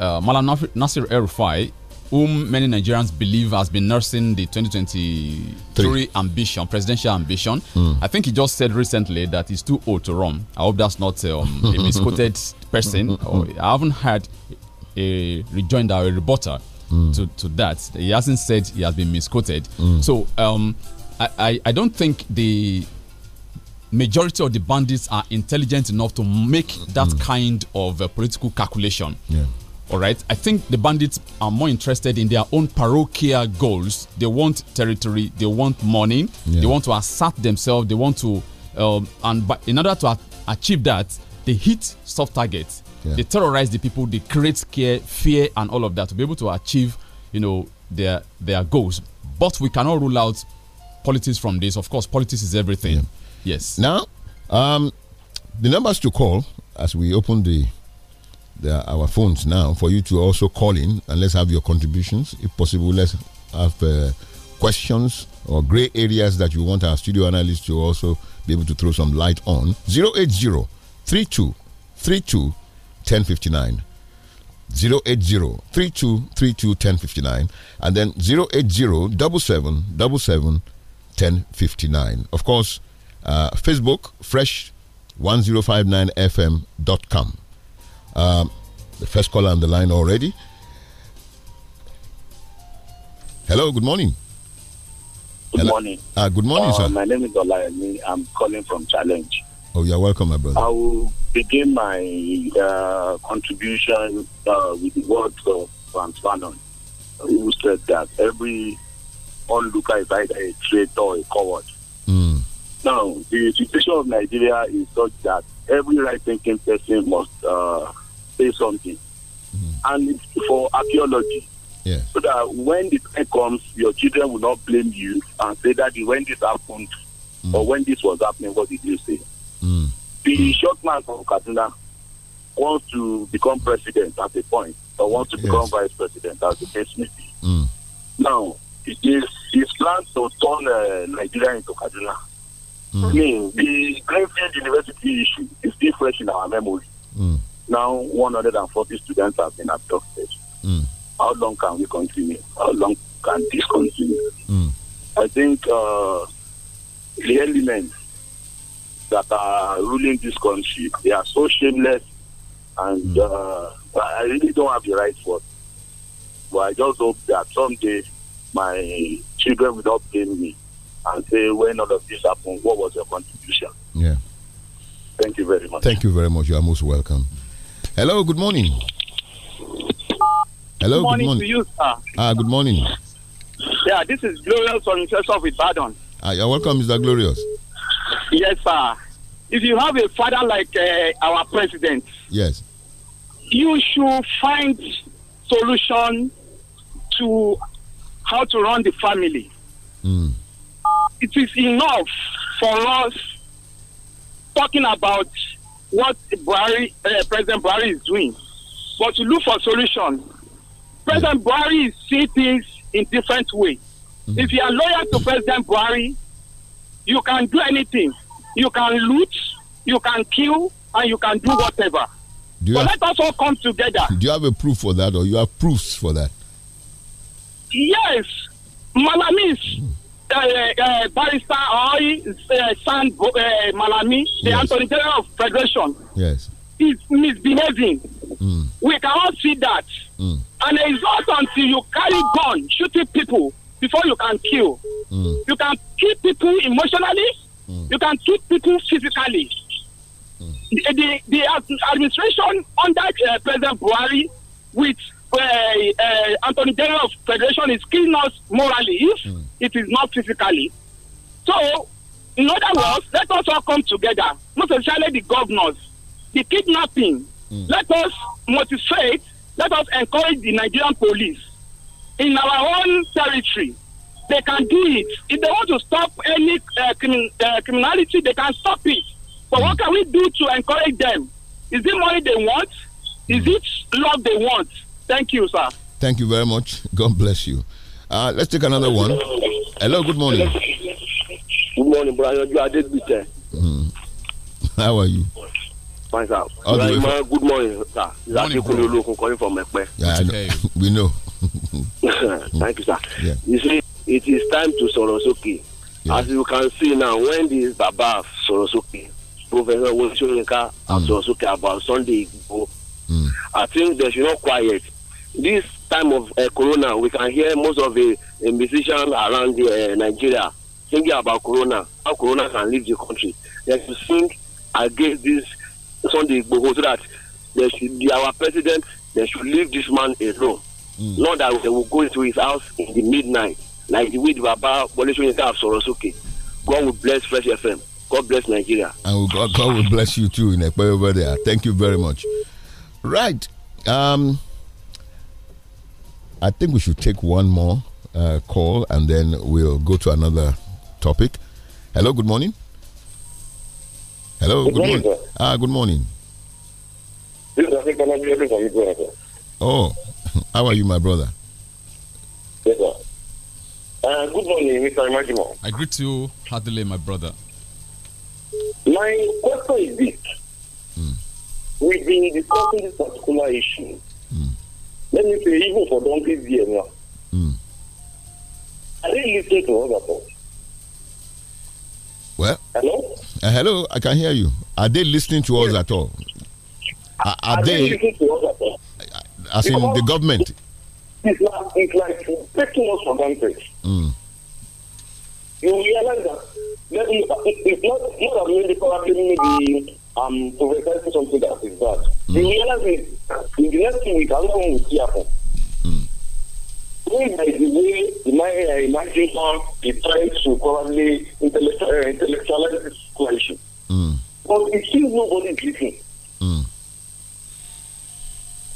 uh, Malam Nasir Erufai, whom many Nigerians believe has been nursing the 2023 Three. ambition, presidential ambition. Mm. I think he just said recently that he's too old to run. I hope that's not um, a misquoted person. Hmm. Or I haven't heard a rejoinder or a rebuttal mm. to, to that. He hasn't said he has been misquoted. Mm. So um, I, I, I don't think the majority of the bandits are intelligent enough to make that hmm. kind of a uh, political calculation. Yeah. All right. I think the bandits are more interested in their own parochial goals. They want territory. They want money. Yeah. They want to assert themselves. They want to, um, and in order to achieve that, they hit soft targets. Yeah. They terrorize the people. They create fear, and all of that to be able to achieve, you know, their their goals. But we cannot rule out politics from this. Of course, politics is everything. Yeah. Yes. Now, um, the numbers to call as we open the the, our phones now for you to also call in and let's have your contributions. If possible, let's have uh, questions or gray areas that you want our studio analysts to also be able to throw some light on. 080 32 1059. 080 32 1059. And then 080 77 1059. Of course, uh, Facebook, fresh1059fm.com. Um, the first caller on the line already. Hello, good morning. Good Hello. morning. Uh, good morning, uh, sir. My name is Olayemi. I'm calling from Challenge. Oh, you're welcome, my brother. I will begin my uh, contribution uh, with the words of Franz Fanon, who said that every onlooker is either a traitor or a coward. Mm. Now, the situation of Nigeria is such that every right thinking person must uh, say something. Mm. And it's for archaeology. So that when the time comes, your children will not blame you and say that when this happened mm. or when this was happening, what did you say? Mm. The mm. short man from Katina wants to become president at a point or wants to yes. become vice president as the case may be. Mm. Now, his, his plan to turn uh, Nigeria into Kaduna Mm. I mean, the Greenfield University issue is still fresh in our memory. Mm. Now, 140 students have been abducted. Mm. How long can we continue? How long can this continue? Mm. I think uh, the elements that are ruling this country, they are so shameless, and mm. uh, I really don't have the right word. But I just hope that someday my children will not blame me and say, when all of this happened, what was your contribution? Yeah. Thank you very much. Thank you very much. You are most welcome. Hello, good morning. Hello, good morning, good morning. to you, sir. Ah, good morning. Yeah, this is Glorious from Church with Badon. Ah, you're welcome, Mr. Glorious. Yes, sir. If you have a father like uh, our president, yes, you should find solution to how to run the family. Mm it is enough for us talking about what Buhari, uh, President Buhari is doing, but to look for solution. President Barry Buhari is seeing things in different way. Mm-hmm. If you are loyal to President Buhari, you can do anything. You can loot, you can kill, and you can do whatever. Do so have, let us all come together. Do you have a proof for that, or you have proofs for that? Yes, Malamis. Mm. Eh, eh, barrister or eh, San Malami, the yes. Attorney General of Federation, yes. is misbehaving. Mm. We can all see that. Mm. And it's not until you carry gun shooting people before you can kill. Mm. You can kill people emotionally. Mm. You can kill people physically. Mm. The, the, the, administration under uh, President Buhari with uh, Anthony of Federation is killing us morally if mm. it is not physically. So, in other words, let us all come together, not especially the governors, the kidnapping. Mm. Let us motivate, let us encourage the Nigerian police in our own territory. They can do it. If they want to stop any uh, crimin uh, criminality, they can stop it. But hmm. what can we do to encourage them? Is it money they want? Is hmm. it love they want? Thank you, sir. Thank you very much. God bless you. Uh, let's take another one. Hello, good morning. Good morning, brother. You are dead How are you? Fine, sir. All the way Good morning, sir. Morning, Adekunle calling from Ekpe. Yeah, know. we know. Thank you, sir. Yeah. You see, it is time to Sorosuke. Yeah. As you can see now, when this Baba Sorosuke, Professor Wosoyinka, mm. Sorosuke about Sunday ago, mm. I think they should not quiet this time of uh, corona we can hear most of the eh, musicians around the, uh, nigeria singing about corona how corona can leave the country they should sing against this sunday igboho so that they should be our president they should leave this man alone mm. not that they will go into his house in the midnight like the way the baba bolesoyinka of sorosoke god will bless fresh fm god bless nigeria. and god, god will bless you too in ekpe over there thank you very much right. Um, I think we should take one more uh, call and then we'll go to another topic. Hello, good morning. Hello, good, good morning. morning. Ah, good morning. Oh, how are you, my brother? Yes, sir. Uh, good morning, Mr. Imajimo. I greet you heartily, my brother. My question is this. Mm. We've been discussing this particular issue. Mm. Let me say, even for donkeys here now. Mm. Are they listening to other folks? Well, hello? Uh, hello, I can hear you. Are they listening to us at all? Are, are, are they, they listening to us at all? As because in the government? It's, like it's like taking us for granted. Mm. You realize that, it's not, not, not that many probably maybe um, to represent something that is that. Mm. The reality is, in the next two weeks, I don't know what will happen. Mm. If is a way, in my uh, imagination, he tries to probably intellect, uh, intellectualize the situation. Mm. But it seems nobody is listening. Mm.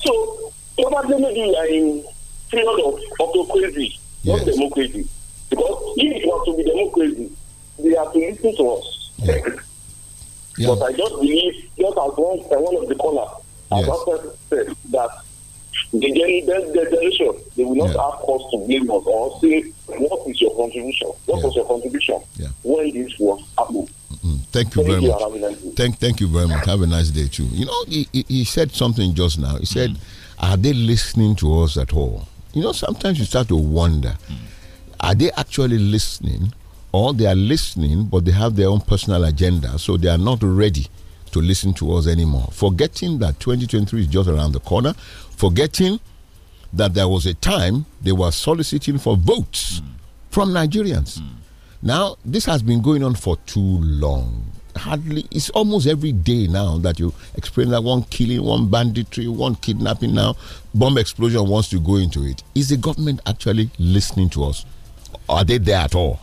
So, probably maybe I in period of autocracy, yes. not democracy. Because if it was to be democracy, they have to listen to us. Yeah. Yeah. But I just believe, just as one, one of the callers yes. said, that the generation, they will not yeah. ask us to blame us or say, what is your contribution? What yeah. was your contribution yeah. when this was happening? Thank you very much. Thank, thank you very much. Have a nice day too. You know, he, he, he said something just now. He said, mm. "Are they listening to us at all?" You know, sometimes you start to wonder, mm. are they actually listening? or they are listening, but they have their own personal agenda, so they are not ready to listen to us anymore. Forgetting that 2023 is just around the corner, forgetting that there was a time they were soliciting for votes mm. from Nigerians. Mm. Now, this has been going on for too long. Hardly, it's almost every day now that you experience that one killing, one banditry, one kidnapping now, bomb explosion wants to go into it. Is the government actually listening to us? Are they there at all?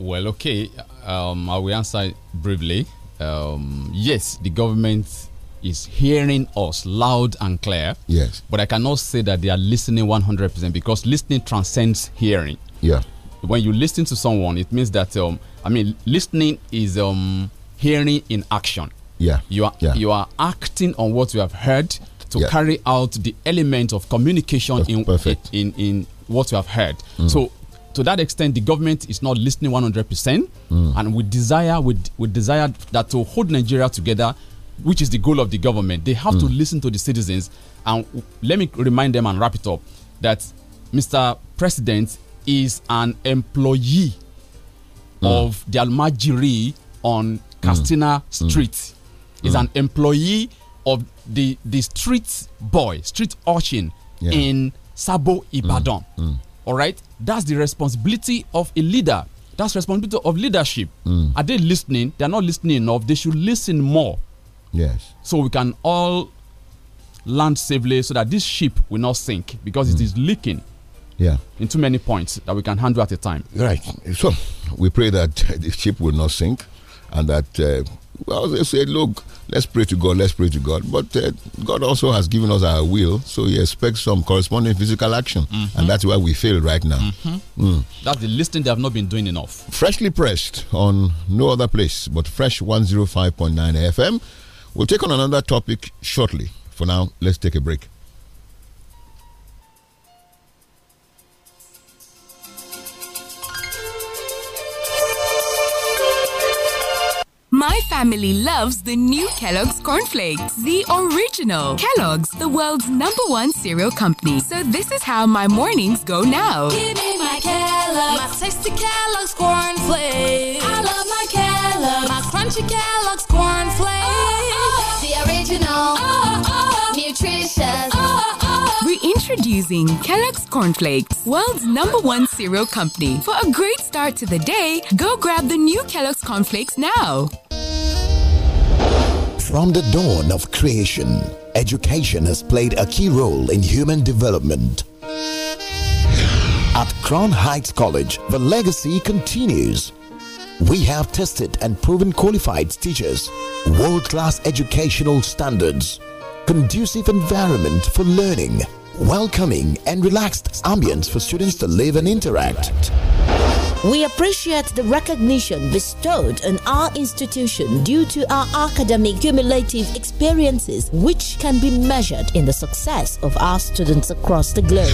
Well, okay. Um, I will answer briefly. Um, yes, the government is hearing us loud and clear. Yes. But I cannot say that they are listening 100% because listening transcends hearing. Yeah. When you listen to someone, it means that um, I mean, listening is um, hearing in action. Yeah. You are yeah. you are acting on what you have heard to yeah. carry out the element of communication oh, in, in in what you have heard. Mm. So to that extent, the government is not listening 100%. Mm. And we desire, we, we desire that to hold Nigeria together, which is the goal of the government. They have mm. to hmm. listen to the citizens. And let me remind them and wrap it up that Mr. President is an employee mm. of the Almajiri on Castina hmm. hmm. Street. Is an employee of the, the street boy, street urchin yeah. in Sabo Ibadan. All right? That's the responsibility of a leader. That's responsibility of leadership. Mm. Are they listening? They are not listening enough. They should listen more. Yes. So we can all land safely so that this ship will not sink because mm. it is leaking. Yeah. In too many points that we can handle at a time. Right. So we pray that the ship will not sink and that uh, well they said, look, let's pray to God, let's pray to God. But uh, God also has given us our will, so He expects some corresponding physical action, mm -hmm. and that's why we fail right now. Mm -hmm. mm. That's the listing they have not been doing enough. Freshly pressed on no other place but Fresh 105.9 FM. We'll take on another topic shortly. For now, let's take a break. My family loves the new Kellogg's cornflakes, the original. Kellogg's, the world's number one cereal company. So this is how my mornings go now. Give me my Kellogg's, my tasty Kellogg's cornflakes. I love my Kellogg's, my crunchy Kellogg's cornflakes. Oh, oh. oh. The original, oh, oh, oh. nutritious. Introducing Kellogg's Cornflakes, world's number one cereal company. For a great start to the day, go grab the new Kellogg's Cornflakes now. From the dawn of creation, education has played a key role in human development. At Crown Heights College, the legacy continues. We have tested and proven qualified teachers, world class educational standards, conducive environment for learning welcoming, and relaxed ambience for students to live and interact. We appreciate the recognition bestowed on our institution due to our academic cumulative experiences, which can be measured in the success of our students across the globe.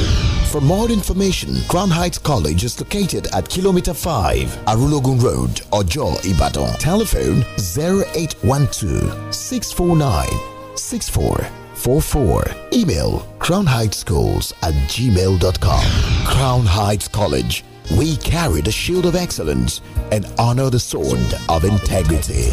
For more information, Crown Heights College is located at Kilometer 5, Arulogun Road, Ojo, Ibadan. Telephone 0812 649 64 944. Email Crown Heights Schools at gmail.com. Crown Heights College. We carry the shield of excellence and honor the sword of integrity.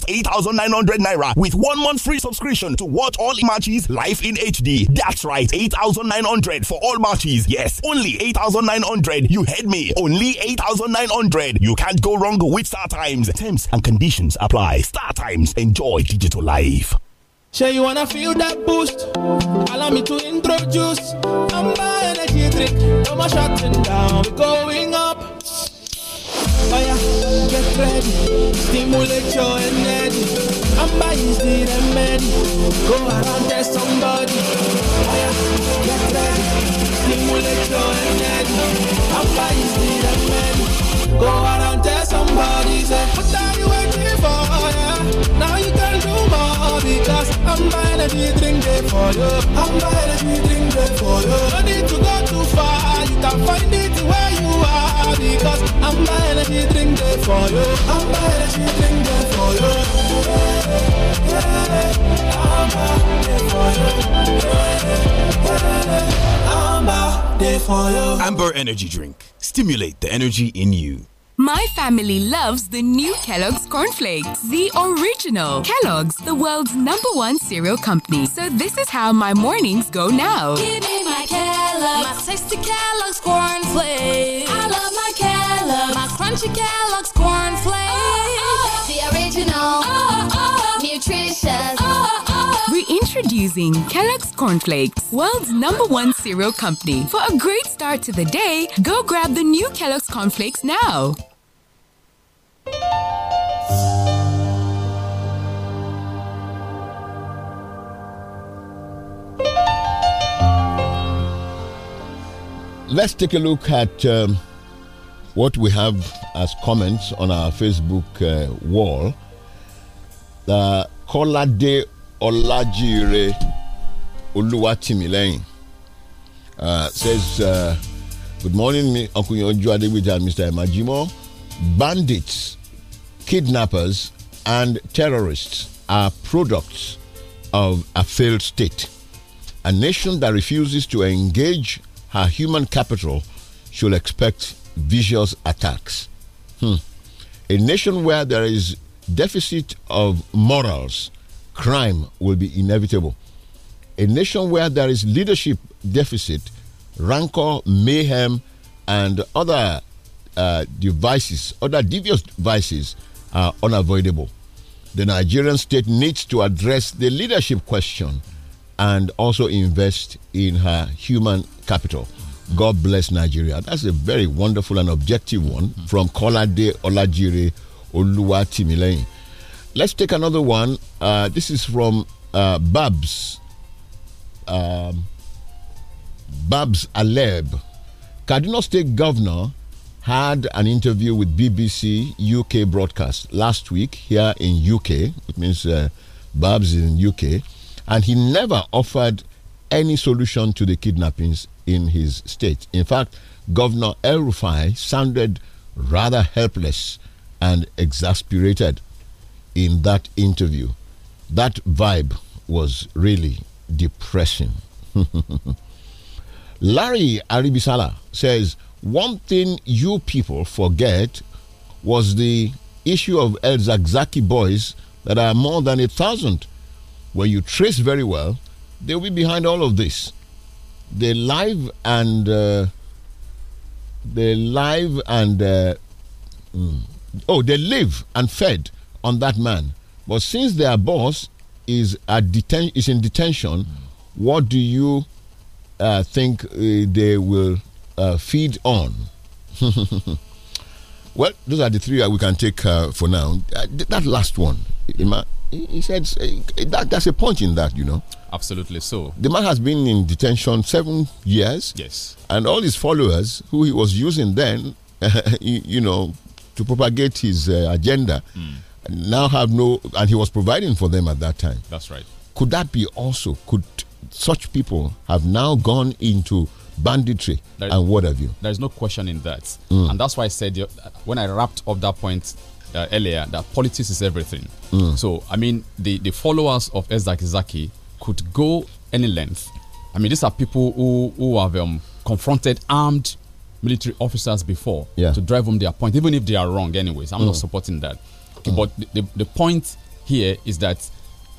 just 8,900 naira with one month free subscription to watch all matches live in HD. That's right, 8,900 for all matches. Yes, only 8,900. You heard me. Only 8,900. You can't go wrong with Star Times. Terms and conditions apply. Star Times. Enjoy digital life. Say you wanna feel that boost? Allow me to introduce Amber Energy Drink. No more shutting down. We're going up. Oh yeah, get ready. Stimulate your energy. I'm by easy remedy. Go around there somebody. Oh yeah, get ready. Stimulate your energy. I'm by easy remedy. Go around there somebody. Say, what are you waiting for? yeah, now you drink for you drink for you No need to go too far You can find it where you are Because I'm drink for you I'm for you Amber Energy Drink. Stimulate the energy in you. My family loves the new Kellogg's cornflakes, the original. Kellogg's, the world's number one cereal company. So this is how my mornings go now. Give me my Kellogg's, my tasty Kellogg's cornflakes. I love my Kellogg's, my crunchy Kellogg's cornflakes. Oh, oh, oh. the original, oh, oh, oh. nutritious. Reintroducing Kellogg's Cornflakes, world's number one cereal company. For a great start to the day, go grab the new Kellogg's Cornflakes now. Let's take a look at um, what we have as comments on our Facebook uh, wall. Uh, Kolade Olajire Oluwatimilein uh, says, uh, Good morning, Uncle Yonjo and Mr. Emajimo. Bandits kidnappers, and terrorists are products of a failed state. A nation that refuses to engage her human capital should expect vicious attacks. Hmm. A nation where there is deficit of morals, crime will be inevitable. A nation where there is leadership deficit, rancor, mayhem, and other uh, devices, other devious devices are uh, unavoidable. The Nigerian state needs to address the leadership question and also invest in her human capital. God bless Nigeria. That's a very wonderful and objective one from Kolade Olajire Oluwatimileyin. Let's take another one. Uh, this is from uh, Babs. Um, Babs Aleb. Kaduna State Governor had an interview with BBC UK broadcast last week here in UK, which means uh, Babs in UK, and he never offered any solution to the kidnappings in his state. In fact, Governor El sounded rather helpless and exasperated in that interview. That vibe was really depressing. Larry Aribisala says, one thing you people forget was the issue of El Zagzaki boys that are more than a thousand. where you trace very well, they will be behind all of this. They live and uh, they live and uh, mm, oh, they live and fed on that man. But since their boss is at deten is in detention, mm. what do you uh, think uh, they will uh, feed on. well, those are the three we can take uh, for now. Uh, that last one, he said that there's a point in that, you know. Absolutely so. The man has been in detention seven years. Yes. And all his followers, who he was using then, you, you, know, to propagate his uh, agenda, mm. now have no, and he was providing for them at that time. That's right. Could that be also, could such people have now gone into banditry, there, and what have you. There is no question in that. Mm. And that's why I said uh, when I wrapped up that point uh, earlier that politics is everything. Mm. So, I mean, the, the followers of Ezak Zaki could go any length. I mean, these are people who, who have um, confronted armed military officers before yeah. to drive home their point, even if they are wrong, anyways. I'm mm. not supporting that. Mm. But the, the, the point here is that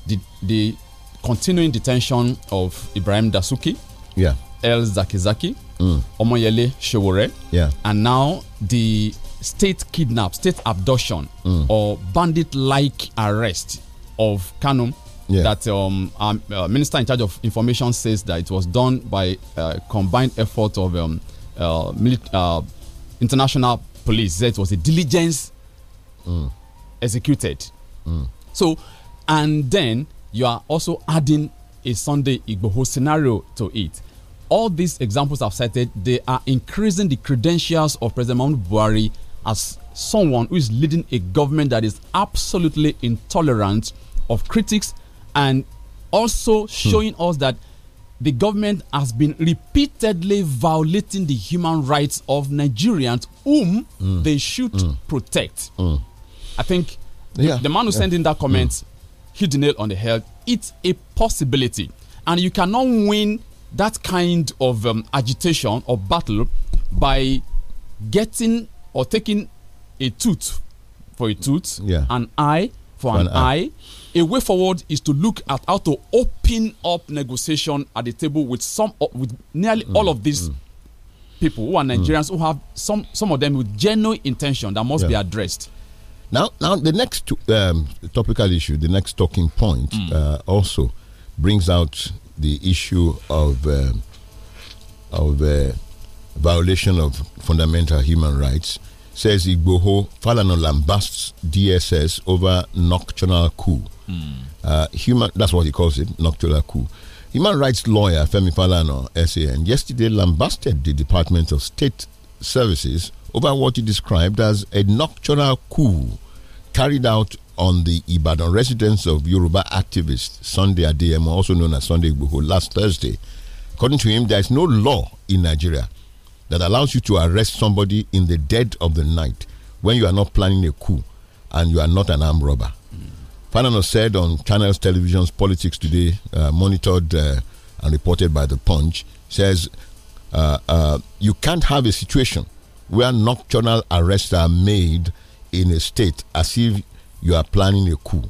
the, the continuing detention of Ibrahim Dasuki. Yeah El Zakizaki, mm. Omoyele Shewore, yeah. and now the state kidnap, state abduction, mm. or bandit-like arrest of Kanum. Yeah. That um, our um, uh, minister in charge of information says that it was done by uh, combined effort of um, uh, uh international police. That was a diligence mm. executed. Mm. So, and then you are also adding a Sunday Igboho scenario to it all these examples I've cited, they are increasing the credentials of President Mahmoud Buhari as someone who is leading a government that is absolutely intolerant of critics and also hmm. showing us that the government has been repeatedly violating the human rights of Nigerians whom mm. they should mm. protect. Mm. I think yeah. the man who yeah. sent in that hmm. comment hit the nail on the head. It's a possibility. And you cannot win that kind of um, agitation or battle by getting or taking a tooth for a tooth, yeah. an eye for, for an, an eye. eye. A way forward is to look at how to open up negotiation at the table with some with nearly mm. all of these mm. people who are mm. Nigerians mm. who have some some of them with genuine intention that must yeah. be addressed. Now, now the next um, topical issue, the next talking point, mm. uh, also brings out the issue of uh, of uh, violation of fundamental human rights. Says Igboho, Falano lambasts DSS over nocturnal coup. Mm. Uh, human, that's what he calls it, nocturnal coup. Human rights lawyer Femi Falano SAN, yesterday lambasted the Department of State Services over what he described as a nocturnal coup carried out on the Ibadan residence of Yoruba activist Sunday Adeyemo, also known as Sunday Igboho, last Thursday. According to him, there is no law in Nigeria that allows you to arrest somebody in the dead of the night when you are not planning a coup and you are not an armed robber. Mm. Fanano said on Channels Television's Politics Today, uh, monitored uh, and reported by The Punch, says uh, uh, you can't have a situation where nocturnal arrests are made in a state as if you are planning a coup.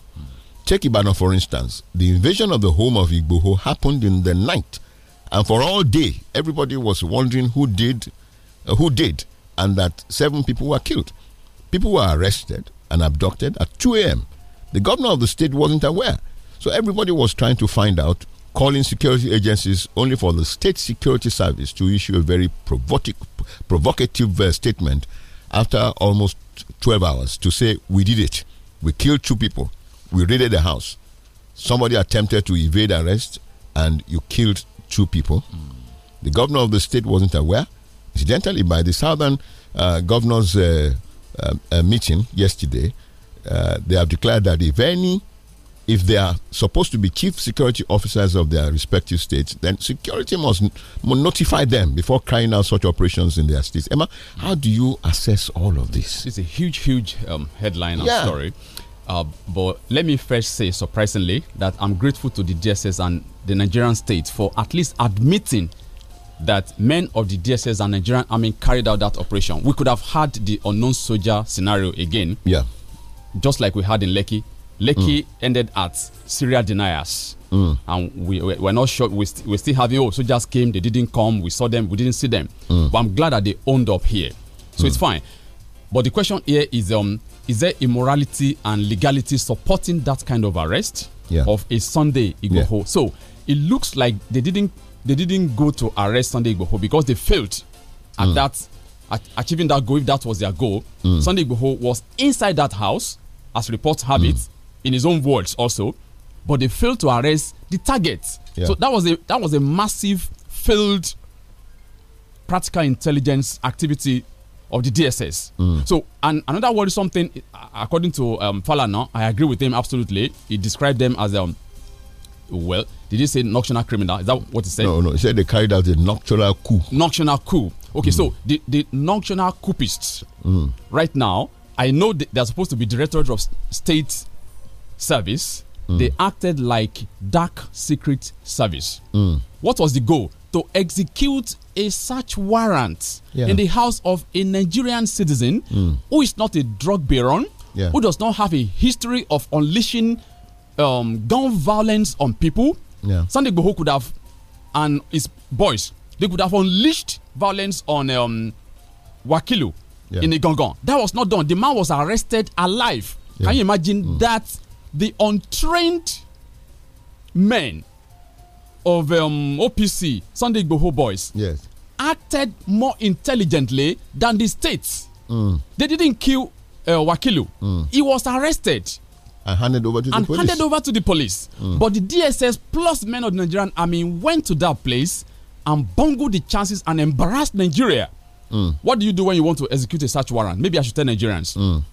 Take Ibadan, for instance. The invasion of the home of Igboho happened in the night. And for all day, everybody was wondering who did, uh, who did, and that seven people were killed. People were arrested and abducted at 2 a.m. The governor of the state wasn't aware. So everybody was trying to find out, calling security agencies only for the state security service to issue a very provocative, uh, statement after almost 12 hours to say, We did it. We killed two people. We raided the house. Somebody attempted to evade arrest, and you killed two people. Mm. The governor of the state wasn't aware. Incidentally, by the southern uh, governors' uh, um, uh, meeting yesterday, uh, they have declared that if any if they are supposed to be chief security officers of their respective states, then security must, notify them before carrying out such operations in their states. Emma, how do you assess all of this? It's a huge, huge um, headline and yeah. story. Uh, but let me first say, surprisingly, that I'm grateful to the DSS and the Nigerian state for at least admitting that men of the DSS and Nigerian Army carried out that operation. We could have had the unknown soldier scenario again. Yeah. Just like we had in Lekki, Lekki mm. ended at Syria deniers. Mm. And we, we're not sure. We st still having, oh, soldiers came, they didn't come, we saw them, we didn't see them. Mm. But I'm glad that they owned up here. So it's hmm. fine. But the question here is um, is there immorality and legality supporting that kind of arrest yeah. of a Sunday Igboho? Yeah. So it looks like they didn't they didn't go to arrest Sunday Igboho because they failed at hmm. that at achieving that goal if that was their goal. Hmm. Sunday Igboho was inside that house as reports have it in his own words also, but they failed to arrest the target. Yeah. So that was a that was a massive failed practical intelligence activity of the DSS. Mm. So and another is something according to um, Falana, I agree with him absolutely. He described them as um, well. Did he say nocturnal criminal? Is that what he said? No, no. He said they carried out a nocturnal coup. Nocturnal coup. Okay, mm. so the the nocturnal coupists mm. right now. I know they're supposed to be directors of state service, mm. they acted like dark secret service. Mm. What was the goal? To execute a search warrant yeah. in the house of a Nigerian citizen mm. who is not a drug baron, yeah. who does not have a history of unleashing um, gun violence on people. Yeah. Sunday Goho could have, and his boys, they could have unleashed violence on um, Wakilu yeah. in Igongon. That was not done. The man was arrested alive. Yeah. Can you imagine mm. that the untrained men of um, OPC, Sunday Igboho boys, yes. acted more intelligently than the states. Mm. They didn't kill uh, Wakilu. Mm. He was arrested. And handed over to the police. handed over to the police. Mm. But the DSS plus men of the Nigerian army went to that place and bungled the chances and embarrassed Nigeria. Mm. What do you do when you want to execute a search warrant? Maybe I should tell Nigerians. Mm.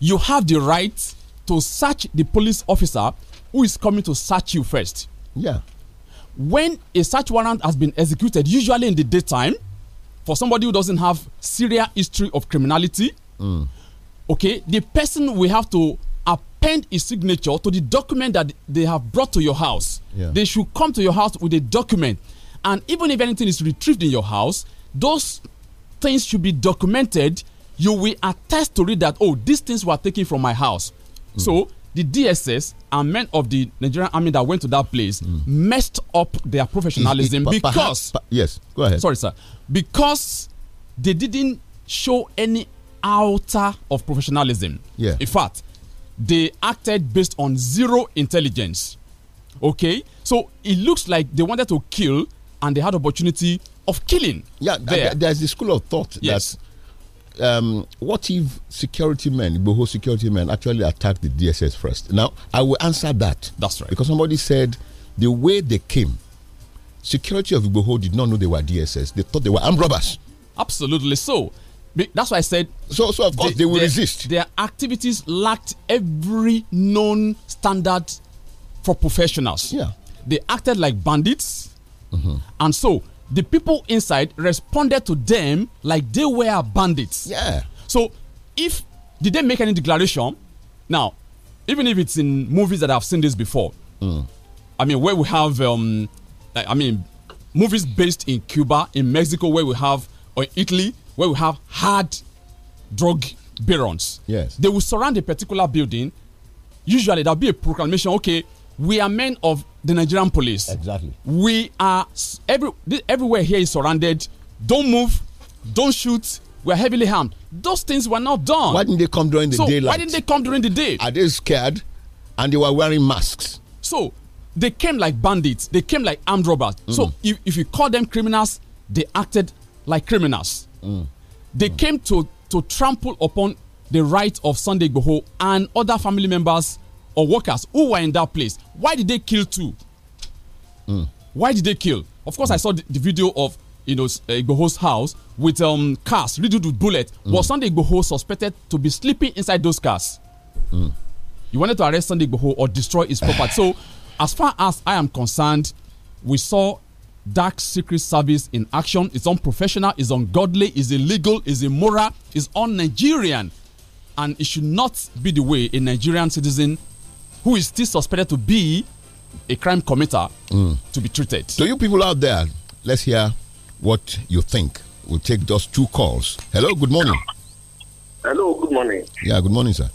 You have the right to search the police officer who is coming to search you first. Yeah. When a search warrant has been executed, usually in the daytime, for somebody who doesn't have serious history of criminality, mm. okay, the person will have to append his signature to the document that they have brought to your house. Yeah. They should come to your house with a document. And even if anything is retrieved in your house, those things should be documented. You will attest to read that, oh, these things were taken from my house. Mm. So the DSS and men of the Nigerian army that went to that place mm. messed up their professionalism it, it, because perhaps, yes, go ahead. Sorry, sir, because they didn't show any outer of professionalism. Yeah. In fact, they acted based on zero intelligence. Okay, so it looks like they wanted to kill and they had opportunity of killing. Yeah, there. there's the school of thought yes. that um, what if security men, Boho security men, actually attacked the DSS first? Now, I will answer that. That's right. Because somebody said the way they came, security of Boho did not know they were DSS. They thought they were armed robbers. Absolutely so. That's why I said. So, so of course they, they will their, resist. Their activities lacked every known standard for professionals. Yeah. They acted like bandits, mm -hmm. and so the people inside responded to them like they were bandits. Yeah. So if did they make any declaration? Now, even if it's in movies that I've seen this before, mm. I mean where we have um, I mean movies based in Cuba, in Mexico, where we have or Italy, where we have hard drug barons. Yes. They will surround a particular building. Usually there'll be a proclamation, okay, we are men of the Nigerian police. Exactly. We are every everywhere here is surrounded. Don't move. Don't shoot. We're heavily harmed. Those things were not done. Why didn't they come during the so daylight? Why didn't they come during the day? Are they scared? And they were wearing masks. So they came like bandits. They came like armed robbers. Mm. So if, if you call them criminals, they acted like criminals. Mm. They mm. came to to trample upon the right of Sunday Goho and other family members or workers who were in that place. Why did they kill two? Mm. Why did they kill? Of course, mm. I hmm. saw the, the, video of you know uh, Igboho's house with um, cars riddled with bullets. Mm. Was Sunday Igboho suspected to be sleeping inside those cars? Mm. You wanted to arrest Sunday Igboho or destroy his property. so, as far as I am concerned, we saw dark secret service in action. It's unprofessional, it's ungodly, it's illegal, it's immoral, it's un-Nigerian, and it should not be the way a Nigerian citizen who is still suspected to be a crime committer mm. to be treated. So, you people out there, let's hear what you think. We'll take those two calls. Hello, good morning. Hello, good morning. Yeah, good morning, sir.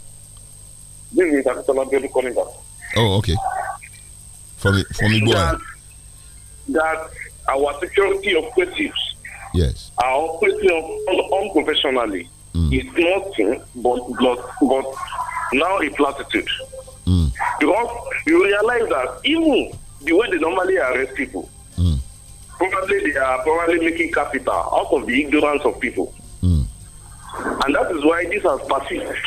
This is Akitola Bello calling back. Oh, okay. From from Igbo. That, our security operatives yes. are operating unprofessionally. Mm. It's nothing but, but, but now a platitude. Mm. Because you realize that even the way they normally arrest people, mm. probably they are probably making capital out of the ignorance of people. Mm. And that is why this has persisted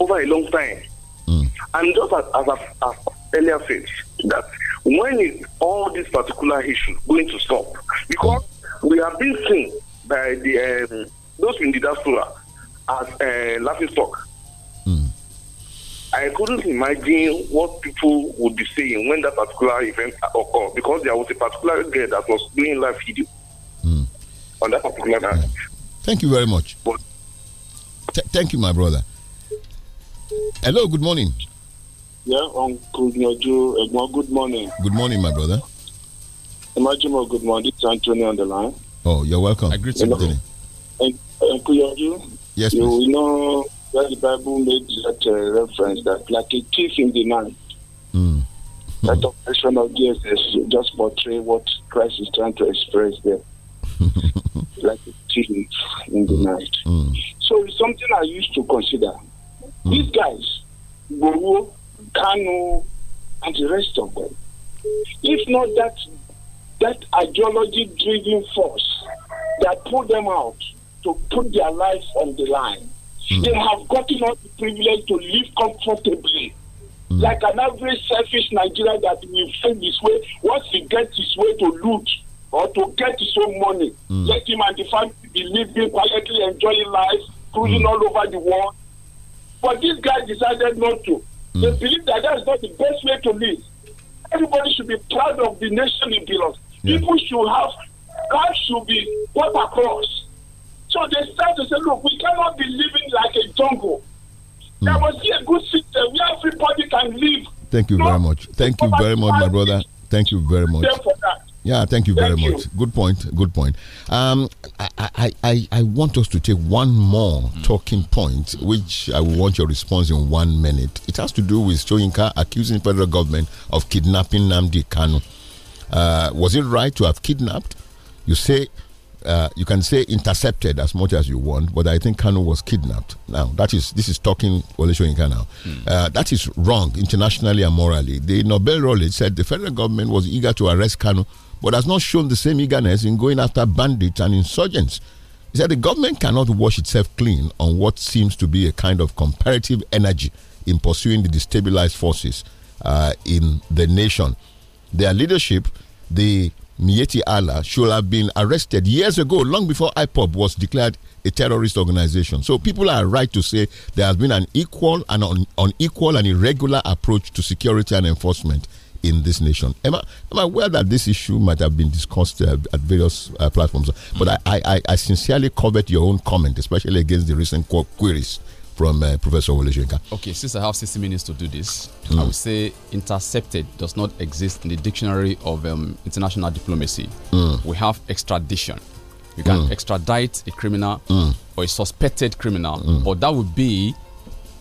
over a long time. Mm. And just as, as, as earlier said, that when is all this particular issue going to stop? Because mm. we have been seen by the um, those in the diaspora as uh, laughing stock. Mm. I couldn't imagine what people would be saying when that particular event occurred because there was a particular girl that was doing live video mm. on that particular hmm. night. Thank you very much. But, thank you, my brother. Hello, good morning. Yeah, Uncle Nyojo, good morning. Good morning, my brother. Imagine good morning. It's Anthony on the line. Oh, you're welcome. I greet you, Anthony. Uncle Nyojo, yes, you please. know where the Bible made that uh, reference that like a thief in the night. Mm. that operation of Jesus just portray what Christ is trying to express there. like a thief in the hmm. night. Mm. So it's something I used to consider. Mm. These guys, Guru, Kanu, and the rest of them, if not that that ideology driven force that pulled them out to put their life on the line Mm. They have gotten all the privilege to live comfortably. Mm. Like an average selfish Nigerian that will feel his way once he gets his way to loot or to get his own money. Mm. Let him and the family be living quietly, enjoying life, cruising mm. all over the world. But these guys decided not to. They mm. believe that that's not the best way to live. Everybody should be proud of the nation he belongs. Yeah. People should have, life should be put across. So they start to say, look, we cannot be living like a jungle. Mm. There must be a good system where everybody can live. Thank you very much. Thank you very much, my brother. Thank you very much. Yeah, thank you thank very you. much. Good point. Good point. Um, I, I, I, I want us to take one more mm. talking point, which I want your response in one minute. It has to do with Choyinka accusing federal government of kidnapping Namdi Kanu. Uh, was it right to have kidnapped? You say uh, you can say intercepted as much as you want, but I think Kanu was kidnapped. Now that is this is talking Oleshoyinka now. Mm. Uh, that is wrong internationally and morally. The Nobel laureate said the federal government was eager to arrest Kanu, but has not shown the same eagerness in going after bandits and insurgents. He said the government cannot wash itself clean on what seems to be a kind of comparative energy in pursuing the destabilized forces uh, in the nation. Their leadership, the Mieti Allah should have been arrested years ago, long before IPOB was declared a terrorist organization. So people are right to say there has been an equal and un unequal and irregular approach to security and enforcement in this nation. Am I, am I aware that this issue might have been discussed uh, at various uh, platforms? But I, I, I sincerely covet your own comment, especially against the recent queries from uh, Professor Oleshenka. Okay, since I have 60 minutes to do this, mm. I would say intercepted does not exist in the dictionary of um, international diplomacy. Mm. We have extradition. You can mm. extradite a criminal mm. or a suspected criminal, mm. but that would be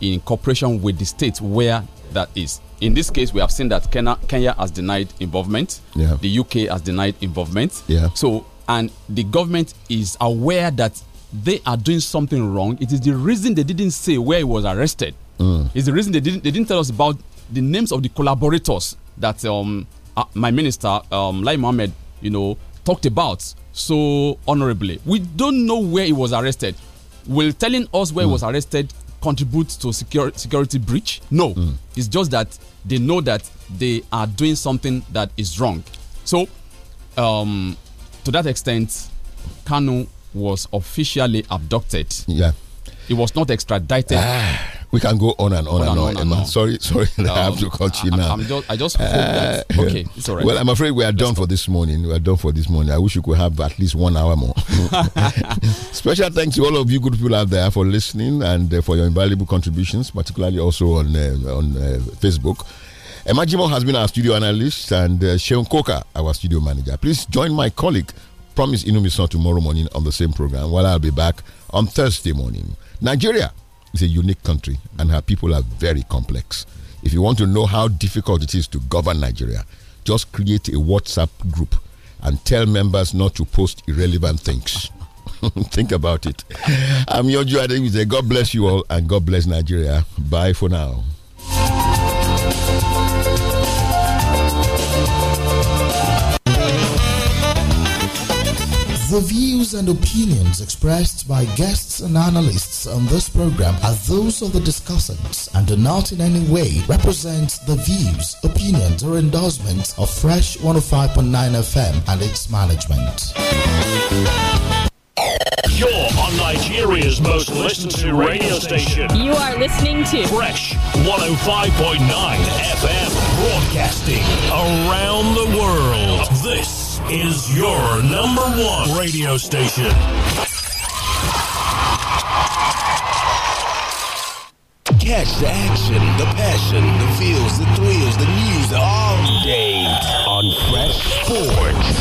in cooperation with the state where that is. In this case, we have seen that Kenya, Kenya has denied involvement. Yeah. The UK has denied involvement. Yeah. So, and the government is aware that they are doing something wrong. It is the reason they didn't say where he was arrested. Mm. It's the reason they didn't they didn't tell us about the names of the collaborators that um, uh, my minister um, Lai Mohammed, you know, talked about so honorably. We don't know where he was arrested. Will telling us where mm. he was arrested contribute to security security breach? No. Mm. It's just that they know that they are doing something that is wrong. So, um, to that extent, Kanu was officially abducted. Yeah. He was not extradited. Ah, we can go on and on, on and, on. on, and on. Sorry, sorry, I have to cut you now. I'm just, I just hope that. Ah. Okay, it's all right. Well, I'm afraid we are Let's done go. for this morning. We are done for this morning. I wish you could have at least one hour more. Special thanks to all of you good people out there for listening and uh, for your invaluable contributions, particularly also on uh, on uh, Facebook. Emma Jimo has been our studio analyst and uh, Sheon our studio manager. Please join my colleague promise Inumi Son tomorrow morning on the same program, while I'll be back on Thursday morning. Nigeria is a unique country, and her people are very complex. If you want to know how difficult it is to govern Nigeria, just create a WhatsApp group and tell members not to post irrelevant things. Think about it. I'm Yoju Adewise. God bless you all and God bless Nigeria. Bye for now. The views and opinions expressed by guests and analysts on this program are those of the discussants and do not in any way represent the views, opinions, or endorsements of Fresh 105.9 FM and its management. You're on Nigeria's most listened to radio station. You are listening to Fresh 105.9 FM broadcasting around the world. This is your number one radio station. Catch the action, the passion, the feels, the thrills, the news all day on Fresh Sports.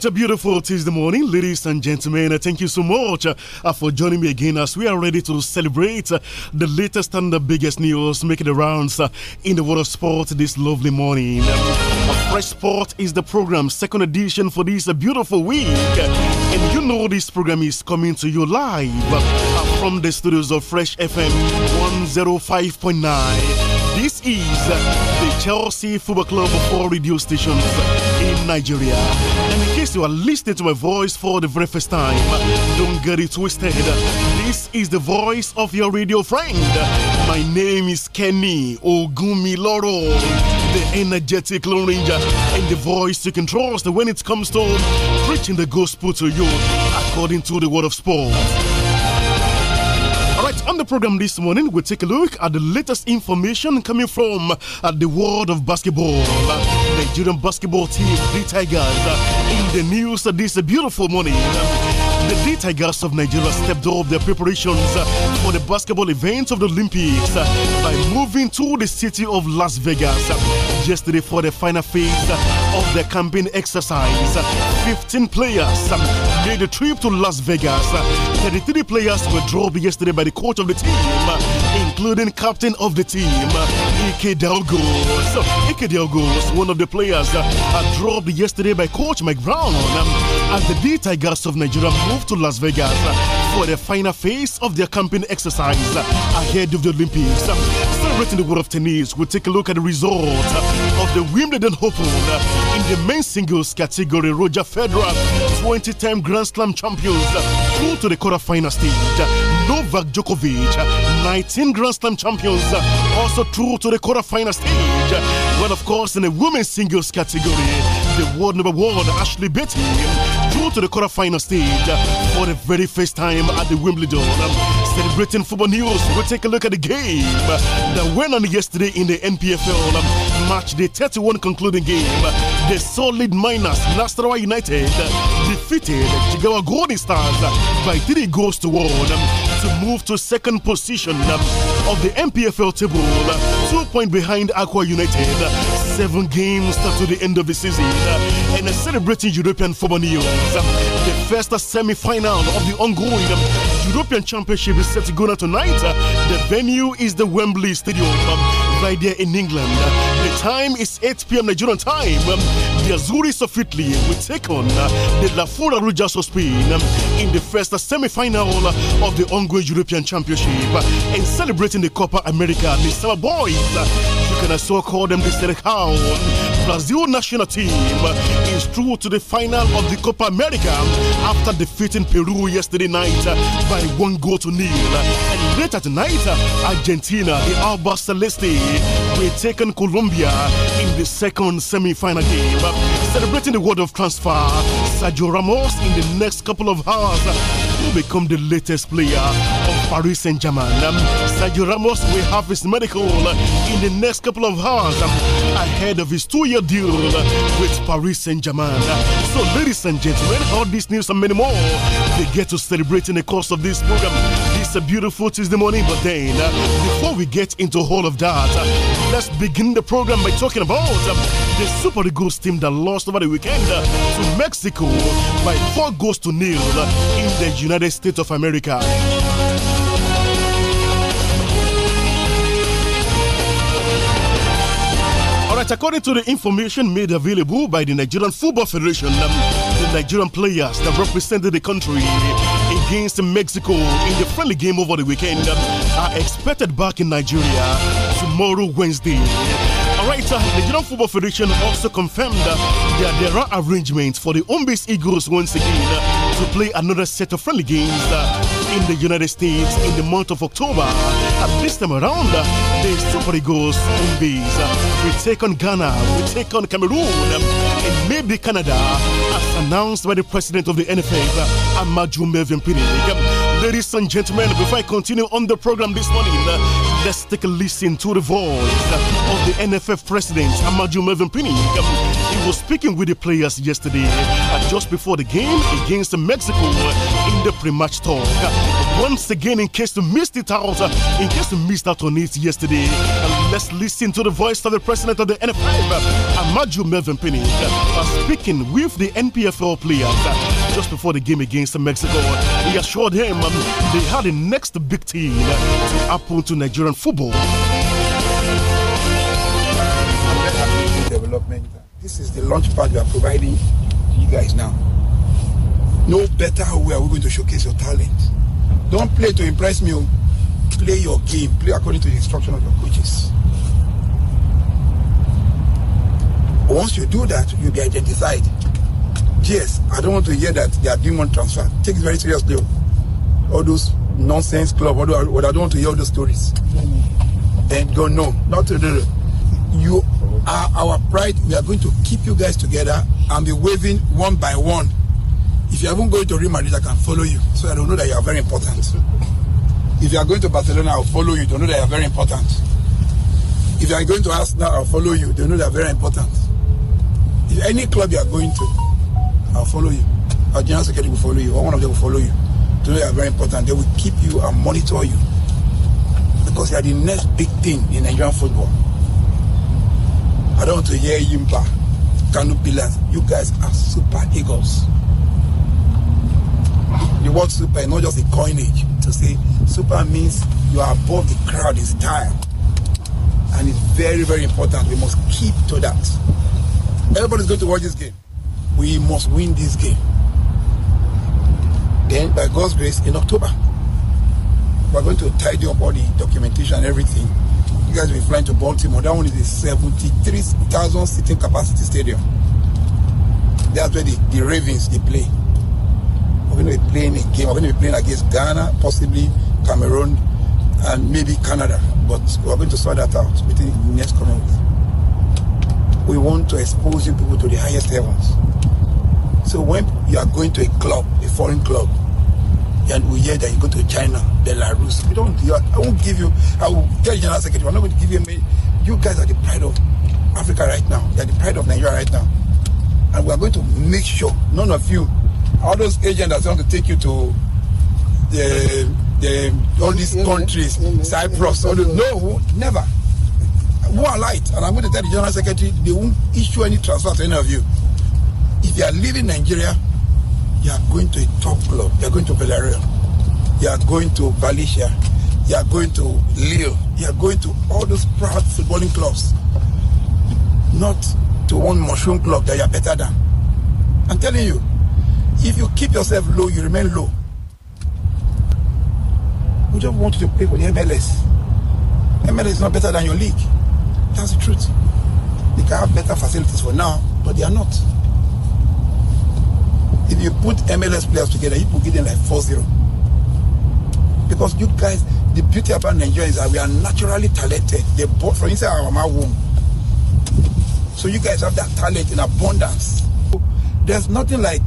It's a beautiful Tuesday morning, ladies and gentlemen. Thank you so much uh, for joining me again as we are ready to celebrate uh, the latest and the biggest news making the rounds uh, in the world of sport this lovely morning. Fresh Sport is the program's second edition for this uh, beautiful week. And you know this program is coming to you live uh, from the studios of Fresh FM 105.9. This is uh, the Chelsea Football Club for radio stations in Nigeria. And in case you are listening to my voice for the very first time, don't get it twisted. This is the voice of your radio friend. My name is Kenny Ogumiloro, the energetic Lone Ranger, and the voice you can trust when it comes to preaching the gospel to you according to the word of sports on the program this morning, we will take a look at the latest information coming from uh, the world of basketball. Nigerian basketball team, the Tigers, uh, in the news uh, this uh, beautiful morning. The D Tigers of Nigeria stepped up their preparations for the basketball events of the Olympics by moving to the city of Las Vegas yesterday for the final phase of the campaign exercise. 15 players um, made the trip to Las Vegas. 33 players were dropped yesterday by the coach of the team, including captain of the team. Ike Delgos. Ike Delgos, one of the players uh, uh, dropped yesterday by Coach Mike Brown um, as the D Tigers of Nigeria moved to Las Vegas uh, for the final phase of their camping exercise uh, ahead of the Olympics. Um, celebrating the world of tennis, we will take a look at the result of the Wimbledon Open the men's singles category, Roger Federer, 20 time Grand Slam champions, through to the quarterfinal stage. Novak Djokovic, 19 Grand Slam champions, also through to the quarterfinal stage. Well, of course, in the women's singles category, the world number one, Ashley Betty, through to the quarterfinal stage for the very first time at the Wimbledon. Celebrating football news, we'll take a look at the game that went on yesterday in the NPFL match day 31 concluding game the solid miners Nasrawa United defeated Jigawa Golden Stars by three goals to one um, to move to second position um, of the MPFL table, um, two points behind Aqua United, seven games to the end of the season, and celebrating European football news. The first semi-final of the ongoing European Championship is set to go tonight. Uh, the venue is the Wembley Stadium right there in England. The time is 8 p.m. Nigerian time the Azuris of Italy will take on uh, the La Rujas of Spain um, in the first uh, semi-final uh, of the ongoing European Championship and celebrating the Copa America. The Summer Boys, you can also call them the Selecao. Brazil national team is through to the final of the Copa America um, after defeating Peru yesterday night by one goal to nil. And later tonight, Argentina, the Alba Celeste, will take on Colombia in the second semi-final game. Celebrating the world of transfer, Sergio Ramos in the next couple of hours will become the latest player of Paris Saint Germain. Um, Sergio Ramos will have his medical in the next couple of hours um, ahead of his two year deal with Paris Saint Germain. So, ladies and gentlemen, all this news and many more, they get to celebrate in the course of this program. It's a beautiful Tuesday morning, but then uh, before we get into all of that, uh, let's begin the program by talking about um, the Super Eagles team that lost over the weekend uh, to Mexico by four goals to nil uh, in the United States of America. Alright, according to the information made available by the Nigerian Football Federation, um, the Nigerian players that represented the country against Mexico in the friendly game over the weekend are expected back in Nigeria tomorrow, Wednesday. Alright, the uh, Nigerian Football Federation also confirmed that there are arrangements for the home based Eagles once again uh, to play another set of friendly games uh, in the United States in the month of October. And this time around, the Super Eagles home base we take on Ghana, we take on Cameroon, um, and maybe Canada, as announced by the president of the NFF, Amaju Melvin um, Ladies and gentlemen, before I continue on the program this morning, uh, let's take a listen to the voice of the NFF president, Amaju Melvin um, He was speaking with the players yesterday, uh, just before the game against Mexico uh, in the pre-match talk once again in case you missed it out, uh, in case you missed out on it yesterday. Uh, let's listen to the voice of the president of the NFF, uh, Amaju Melvin Pinnick, speaking with the NPFL players just before the game against Mexico. He assured him um, they had the next big team to happen to Nigerian football. Development. This is the launch pad we are providing you guys now. No better way are we going to showcase your talent Don't play to impress me. Oh. Play your game. Play according to the instruction of your coaches. Once you do that, you'll be identified. Yes, I don't want to hear that they are doing one transfer. Take it very seriously. Oh. All those nonsense club, What I don't want to hear all those stories. And go, no, not to do You are our pride. We are going to keep you guys together and be waving one by one If you haven't going to Real Madrid, I can follow you. So I know that you are very important. If you are going to Barcelona, I will follow you. to know that you are very important. If you are going to Arsenal, I will follow you. They know they are very important. If any club you are going to, I will follow you. Our general secretary will follow you, or one of them will follow you. They know they are very important. They will keep you and monitor you because you are the next big thing in Nigerian football. I don't want to hear Yimba, Kanu Pillars. You guys are super eagles. The word super is not just a coinage to say super means you are above the crowd in style. And it's very, very important. We must keep to that. Everybody's going to watch this game. We must win this game. Then, by God's grace, in October, we're going to tidy up all the documentation and everything. You guys will be flying to Baltimore. That one is a 73,000 seating capacity stadium. That's where the, the Ravens they play. going to be playing a game. We're going to be playing against Ghana, possibly Cameroon, and maybe Canada. But we're going to sort that out within the next coming week. We want to expose you people to the highest heavens. So when you are going to a club, a foreign club, and we hear that you go to China, Belarus, we don't. I won't give you. I will tell you, General Secretary, I'm not going to give you. A minute. You guys are the pride of Africa right now. You are the pride of Nigeria right now, and we are going to make sure none of you all those agents that want to take you to the, the all these countries, Cyprus, all those, no, never. Who are light? And I'm going to tell the general secretary they won't issue any transfer to any of you. If you are leaving Nigeria, you are going to a top club. You are going to Belarus. You are going to Valencia. You are going to Lille. You are going to all those proud footballing clubs. Not to one mushroom club that you are better than. I'm telling you, If you keep yourself low, you remain low. We just want you to play for the MLS. MLS is not better than your league. That's the truth. They can have better facilities for now, but they are not. If you put MLS players together, you will give them like 4 0. Because you guys, the beauty about Nigeria is that we are naturally talented. They bought from inside our mama womb. So you guys have that talent in abundance. There's nothing like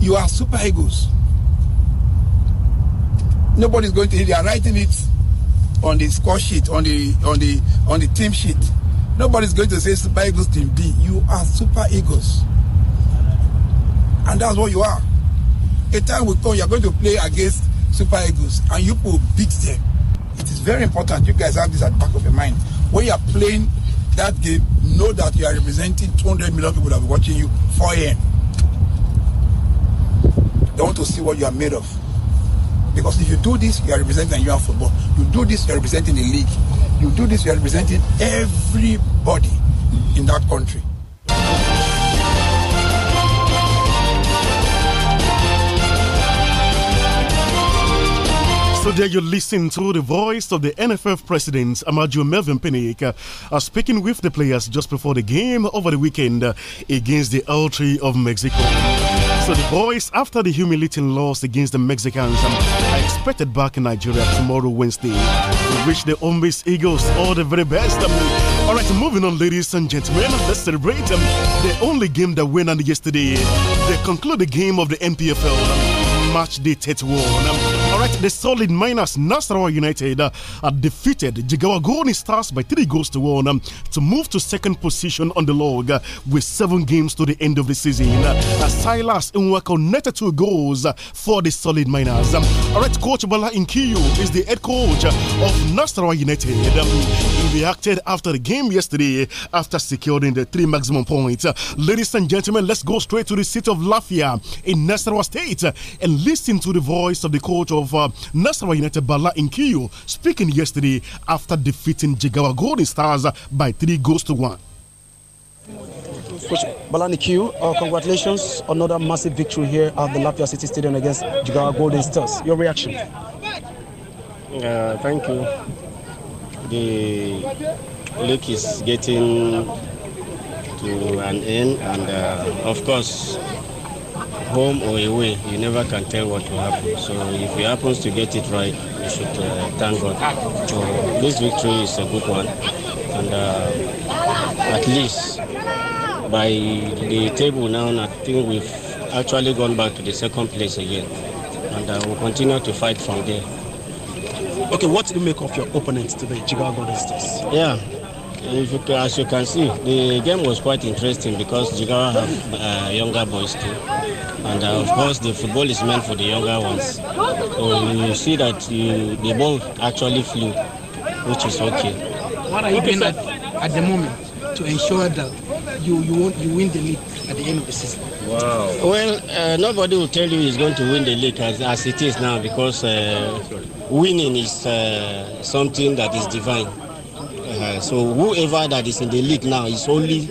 you are super egos. Nobody is going to. They are writing it on the score sheet, on the on the on the team sheet. Nobody is going to say super egos team B. You are super egos, and that's what you are. A time will come you are going to play against super egos, and you will beat them. It is very important you guys have this at the back of your mind when you are playing that game. Know that you are representing 200 million people that are watching you 4 a.m. They want to see what you are made of. Because if you do this, you are representing Nigerian football. You do this, you are representing the league. You do this, you are representing everybody in that country. So there you listen to the voice of the NFF president, Amaju Melvin Pinnick, uh, speaking with the players just before the game over the weekend uh, against the L3 of Mexico. So the boys, after the humiliating loss against the Mexicans, um, are expected back in Nigeria tomorrow, Wednesday, to wish the Ombis Eagles all the very best. Um. all right, moving on, ladies and gentlemen, let's celebrate um, the only game that went on yesterday. They conclude the game of the NPFL match day 31. Right, The solid miners Nasarawa United uh, defeated defeated Jigawagoni Stars by three goals to one um, to move to second position on the log uh, with seven games to the end of the season. Uh, uh Silas Nwako netted two goals uh, for the solid miners. Um, all right, Coach Bala Inkiyo is the head coach uh, of Nasarawa United. Um, he reacted after the game yesterday after securing the three maximum points. ladies and gentlemen, let's go straight to the city of Lafia in Nasarawa State and listen to the voice of the coach of of uh, Nasarawa United Bala Kiyo speaking yesterday after defeating Jigawa Golden Stars by three goals to one. Coach Balanikiu, uh, congratulations on another massive victory here at the Lafia City Stadium against Jigawa Golden Stars. Your reaction? Uh, thank you. The league is getting to an end, and uh, of course, home or away, you never can tell what will happen. So if it happens to get it right, you should uh, thank God. So this victory is a good one, and uh, at least by the table now, I think we've actually gone back to the second place again, and uh, we'll continue to fight from there. Okay, what do you make of your opponents today, Jigawa Golden Yeah, as you can see, the game was quite interesting because Jigawa have uh, younger boys too. And uh, of course, the football is meant for the younger ones. you see that you, the ball actually flew, which is okay. What are you doing at, at the moment to ensure that you, you, you win the league at the end of the season? Wow. Well, uh, nobody will tell you he's going to win the league as, as it is now because uh, winning is uh, something that is divine so whoever that is in the league now is only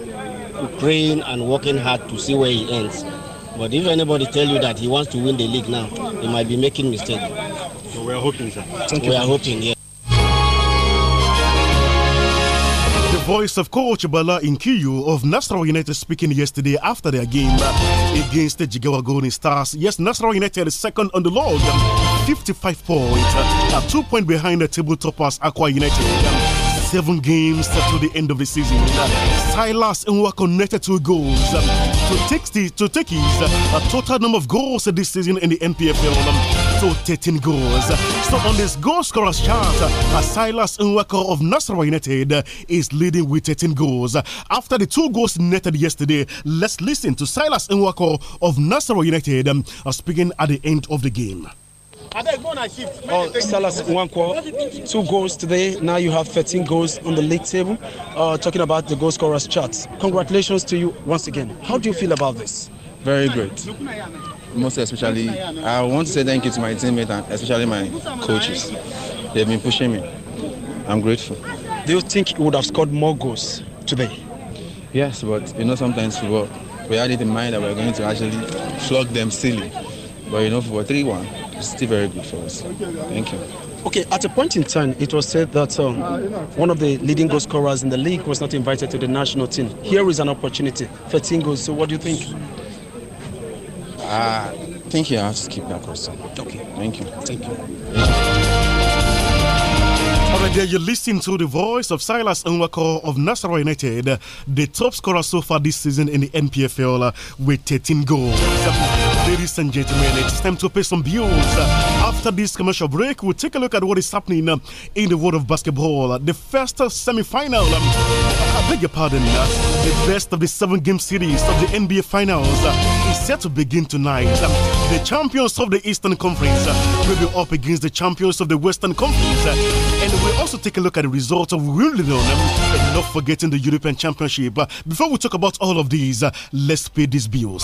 praying and working hard to see where he ends. But if anybody tell you that he wants to win the league now, he might be making mistake. So we are hoping, sir. Thank we you. are hoping, yeah. The voice of coach Bala Inkiyu of Nasra United speaking yesterday after their game against the Jigawa Golden Stars. Yes, Nasra United is second on the log, 55 points, two points behind the table toppers Aqua United seven games to the end of the season. Silas and were connected to goals um, to take the to take his uh, total number of goals this season in the NPFL. Um, to 13 goals. So on this goal scorers chart, uh, Silas Nweko of Nasarawa United uh, is leading with 13 goals. After the two goals netted yesterday, let's listen to Silas Nweko of Nasarawa United um, uh, speaking at the end of the game. Oh, Salas Nwankwo, two goals today. Now you have 13 goals on the league table. Uh, talking about the goal scorers chart. Congratulations to you once again. How do you feel about this? Very good. Most especially, I want to say thank you to my teammates and especially my coaches. They've been pushing me. I'm grateful. Do you think you would have scored more goals today? Yes, but you know sometimes football, we had it in mind that we are going to actually flog them silly. But you know, for 3 1, still very good for us. Thank you. Okay, at a point in time, it was said that um, one of the leading goal scorers in the league was not invited to the national team. Here is an opportunity, 13 goals. So, what do you think? Ah, I think you have to keep that question. Okay. Thank you. Thank you. All right, there you listening to the voice of Silas Nwako of Nassau United, the top scorer so far this season in the NPFL uh, with 13 goals ladies and gentlemen, it's time to pay some bills. Uh, after this commercial break, we'll take a look at what is happening uh, in the world of basketball. Uh, the first semi final, um, I beg your pardon, the best of the seven game series of the NBA Finals is set to begin tonight. Um, the champions of the Eastern Conference will be up against the champions of the Western Conference. And we'll also take a look at the results of Wimbledon um, and not forgetting the European Championship. Before we talk about all of these, let's pay these bills.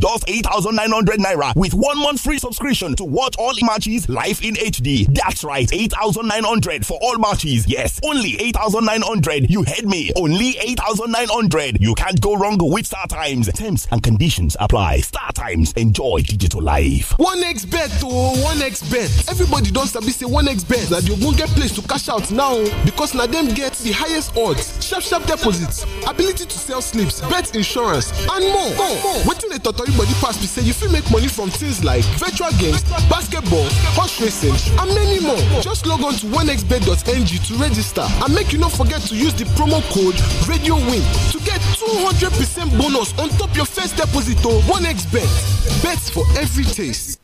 just 8,900 naira with one month free subscription to watch all matches live in HD. That's right, 8,900 for all matches. Yes, only 8,900. You heard me. Only 8,900. You can't go wrong with Star Times. Terms and conditions apply. Star Times. Enjoy digital life. 1x bet oh 1x bet. Everybody don sabi say 1x bet that you won't get place to cash out now because now them get the highest odds, sharp sharp deposits, ability to sell slips, bet insurance and more. Wetin dey totori everybody pass be say you fit make money from things like virtual games basketball horse racing and many more just log on to 1xbet.ng to register and make you no forget to use the promo code RadioWin to get 200 bonus on top your first deposit o xbet bets for every taste.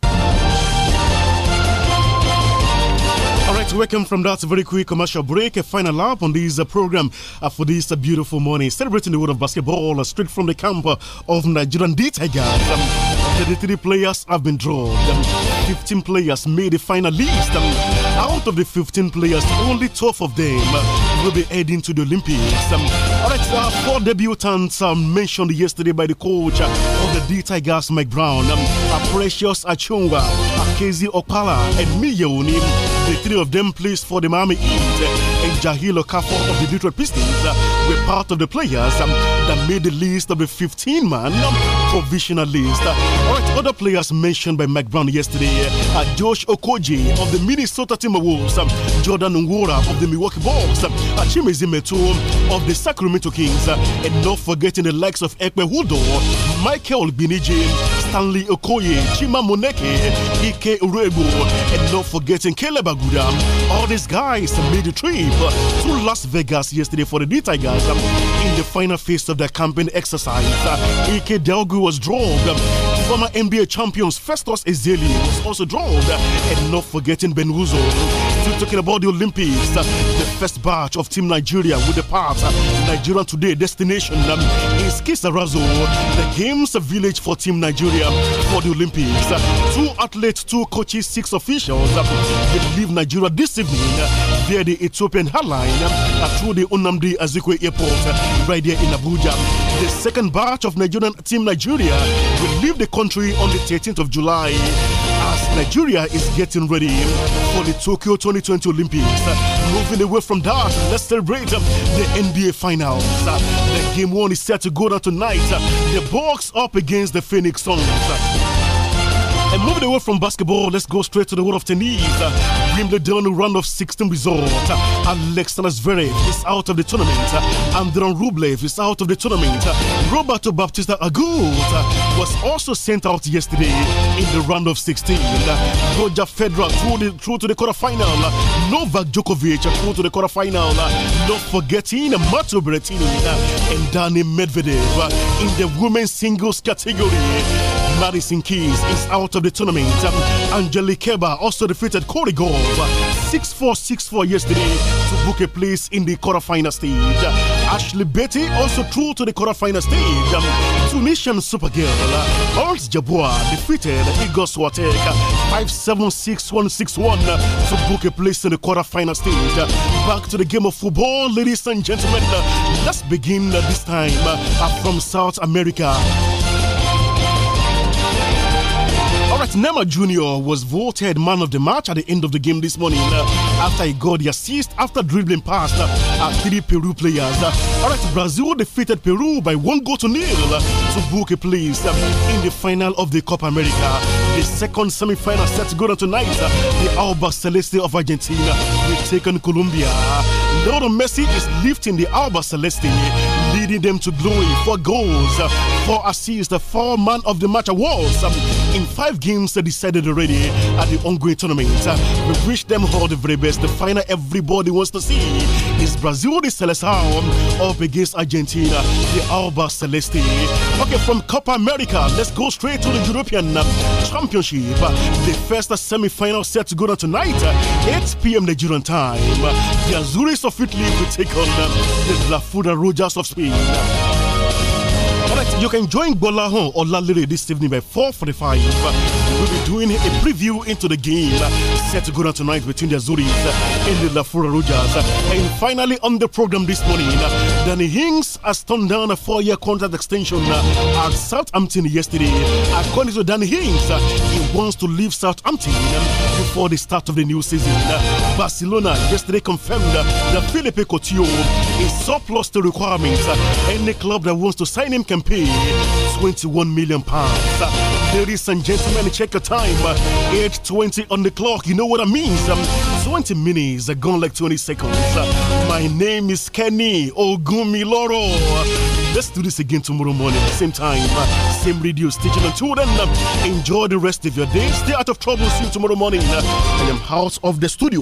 All right, welcome from that very quick commercial break. A final lap on this uh, program uh, for this uh, beautiful morning, celebrating the world of basketball uh, straight from the camp uh, of Nigerian D Tigers. Um, 33 players have been drawn. Um, 15 players made the final list. Um, out of the 15 players, only 12 of them uh, will be heading to the Olympics. Um, all right, four debutants um, mentioned yesterday by the coach of the D Tigers, Mike Brown, um, Precious Achunga, Akezi Okpala, and Miyeonim. The three of them plays for the Miami Heat eh, and Jahil Okafor of the Detroit Pistons. Eh, were part of the players um, that made the list of the 15 man um, provisional list. Uh, all right, other players mentioned by Mike Brown yesterday uh, Josh Okoji of the Minnesota Timberwolves, um, Jordan Nwora of the Milwaukee Bucks, um, Achimezi um, of the Sacramento Kings, uh, and not forgetting the likes of Ekpe Hudo, Michael Biniji, Stanley Okoye, Chima Moneke, Ike Urebo, and not forgetting Caleb Aguda. All these guys made the trip to Las Vegas yesterday for the D Tigers um, in the final phase of the campaign exercise. Uh, Ike Delgu was drawn. Um, former NBA champions Festus Ezeli was also drawn. Uh, and not forgetting Ben Wuzo. Still talking about the Olympics, uh, the first batch of Team Nigeria will depart uh, Nigeria Today destination um, is Kisarazo, the games village for Team Nigeria for the Olympics. Uh, two athletes, two coaches, six officials will uh, leave Nigeria this evening via the Ethiopian airline through the Onamdi Azikwe Airport right here in Abuja. The second batch of Nigerian Team Nigeria will leave the country on the 13th of July as Nigeria is getting ready for the Tokyo 2020 Olympics. Moving away from that, let's celebrate the NBA Finals. The game one is set to go down tonight. The Bucks up against the Phoenix Suns. And moving away from basketball, let's go straight to the world of tennis. Wimbledon round of 16 result. Alexander Zverev is out of the tournament. Andron Rublev is out of the tournament. Roberto Baptista Agut was also sent out yesterday in the round of 16. Roger Federer through, the, through to the quarterfinal. Novak Djokovic through to the quarterfinal. Not forgetting Matteo Berrettini and Dani Medvedev in the women's singles category. Madison Keys is out of the tournament. Um, Angelique Keba also defeated Corey Gold 6 4 6 4 yesterday to book a place in the quarterfinal stage. Ashley Betty also threw to the quarterfinal stage. Um, Tunisian Supergirl Orange Jabua defeated Igor Swatek 5 7 6 1 6 1 to book a place in the quarterfinal stage. Back to the game of football, ladies and gentlemen. Let's begin this time uh, from South America. Albert Nema Jr. was voted man of the match at the end of the game this morning uh, after he got the assist after dribbling past uh, uh, three Peru players. Uh, all right, Brazil defeated Peru by one goal to nil uh, to book a place uh, in the final of the Copa America. The second semi final set to go on tonight. Uh, the Alba Celeste of Argentina will take on Colombia. Lionel Messi is lifting the Alba Celeste leading them to glory. for goals, four assists, four man of the match awards. Um, in five games they decided already at the ongoing tournament. Uh, we wish them all the very best. The final everybody wants to see is Brazil the Seleção up against Argentina, the Alba Celeste. Okay, from Copa America, let's go straight to the European uh, Championship. Uh, the first semi-final set to go on tonight, 8 p.m. Nigerian time. The Azuris of Italy will take on the La Fuda Rogers of Spain. You can join Bolahon Lalire this evening by 4:45. We'll be doing a preview into the game set to go down tonight between the Azuris and the Lafura Rogers. And finally, on the program this morning, Danny Hinks has turned down a four-year contract extension at Southampton yesterday. According to Danny Hinks, he wants to leave Southampton before the start of the new season. Barcelona yesterday confirmed that Felipe Coutinho is surplus to requirements. Any club that wants to sign him can pay 21 million pounds. Ladies and gentlemen, check your time. 8.20 on the clock. You know what I mean? 20 minutes, gone like 20 seconds. My name is Kenny Ogumiloro. Let's do this again tomorrow morning, same time, same radio station. Until then, enjoy the rest of your day. Stay out of trouble. See you tomorrow morning. I am out of the studio.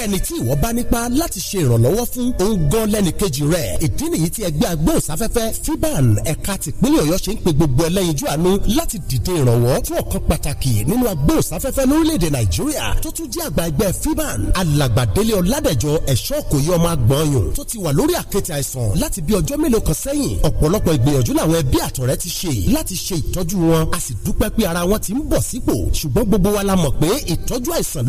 ẹnikẹ́ni tí ìwọ bá nípa láti ṣe ìrànlọ́wọ́ fún òun gan lẹ́nìkejì rẹ̀ ìdí nìyí tí ẹgbẹ́ agbóhùnsáfẹ́fẹ́ fiban ẹ̀ka tìpínlẹ̀ ọ̀yọ́ ṣe ń pe gbogbo ẹlẹ́yinjú àánú láti dìde ìrànwọ́ fún ọ̀kan pàtàkì nínú agbóhùnsáfẹ́fẹ́ lórílẹ̀‐èdè nàìjíríà tó tún jẹ́ àgbà ẹgbẹ́ fiban alàgbàdélé ọ̀làdẹ̀jọ ẹ̀ṣọ́ òkòyí ọmọ agbọ̀nyùn tó ti wà lórí àkẹ́tì àìsàn láti bí ọjọ́ mélòó kan sẹ́yìn ọ̀pọ̀lọpọ̀ ti ṣe láti ṣe ìtọ́jú wọn a sì ara wọn ti ń bọ̀ sípò ṣùgbọ́n gbogbo wa la mọ̀ pé ìtọ́jú àìsàn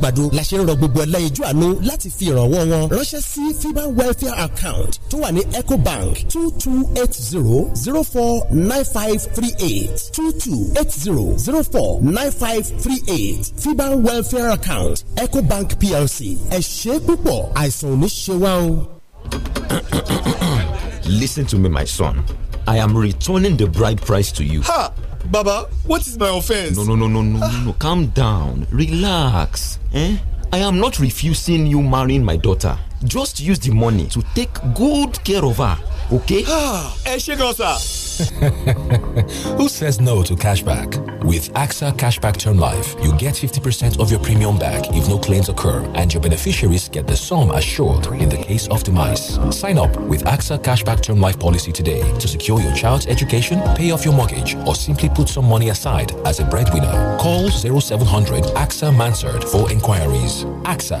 àgbàdo la ṣe ń rọ gbogbo ẹlẹ́yinjú àánú láti fi ìrànwọ́ wọn ránṣẹ́ sí fiban welfare account tó wà ní ecobank two two eight zero zero four nine five three eight two two eight zero zero four nine five three eight fiban welfare account ecobank plc ẹ ṣe púpọ̀ àìsàn ò ní ṣe wá o. Listen to me, my son. I am returning the bride price to you. Ha! Baba, what is my offense? No, no, no, no, no, no, Calm down. Relax. Eh? I am not refusing you marrying my daughter. Just use the money to take good care of her, okay? Ah, ẹ ṣe gan sa. Who says no to cashback? With AXA Cashback Term Life, you get 50% of your premium back if no claims occur, and your beneficiaries get the sum assured in the case of demise. Sign up with AXA Cashback Term Life policy today to secure your child's education, pay off your mortgage, or simply put some money aside as a breadwinner. Call 0700 AXA Mansard for inquiries. AXA.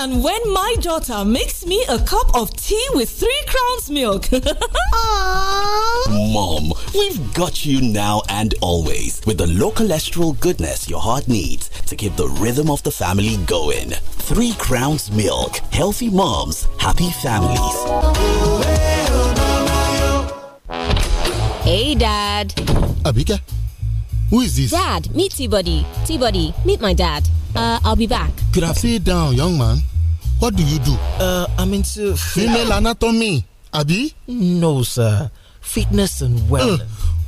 and when my daughter makes me a cup of tea with three crowns milk. Mom, we've got you now and always with the low cholesterol goodness your heart needs to keep the rhythm of the family going. Three crowns milk. Healthy moms, happy families. Hey, Dad. Abika, who is this? Dad, meet T-Buddy. t meet my dad. Uh, I'll be back. Could I sit down, young man? what do you do. Uh, i'm into. female anatomy abi. no sir fitness and wellness. Uh,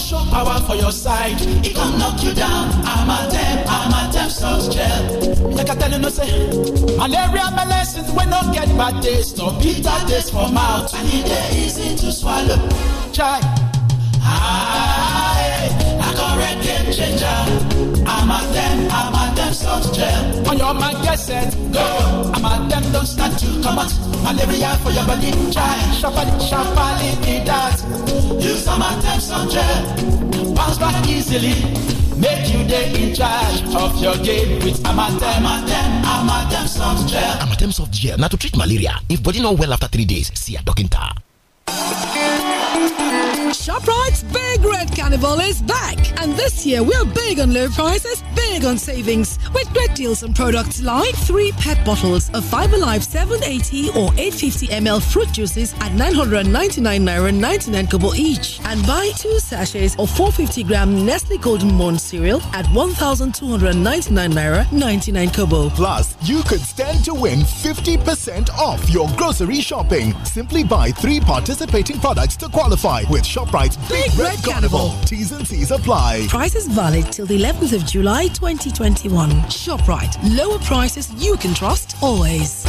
show power for your side It can knock you down I'm I'm a a amatem soft gel like i tell you no say malaria medicine We no get bad taste no bitter taste for mouth and e dey easy to swallow a correct game changer. a Amatem soft gel. On your mind, guess it. go. Amatem don't start to come out. Malaria for your body, try. it sharply, you that. Use Amatem soft gel. easily make you dey in charge of your game with amatem amatem amatem soft gel. amatem soft gel na to treat malaria if body no well after three days see a doctor. ShopRite's Big Red Carnival is back. And this year we're big on low prices, big on savings, with great deals on products like three PET bottles of Fiber 780 or 850 ml fruit juices at 999 naira 99 kobo each. And buy two sachets of 450 gram Nestle Golden Morn cereal at 1299 naira 99 kobo. Plus, you could stand to win 50% off your grocery shopping. Simply buy three participating products to qualify with Shop ShopRite Big, Big Red, Red Carnival. T's and C's apply. Prices valid till the 11th of July 2021. ShopRite. Lower prices you can trust always.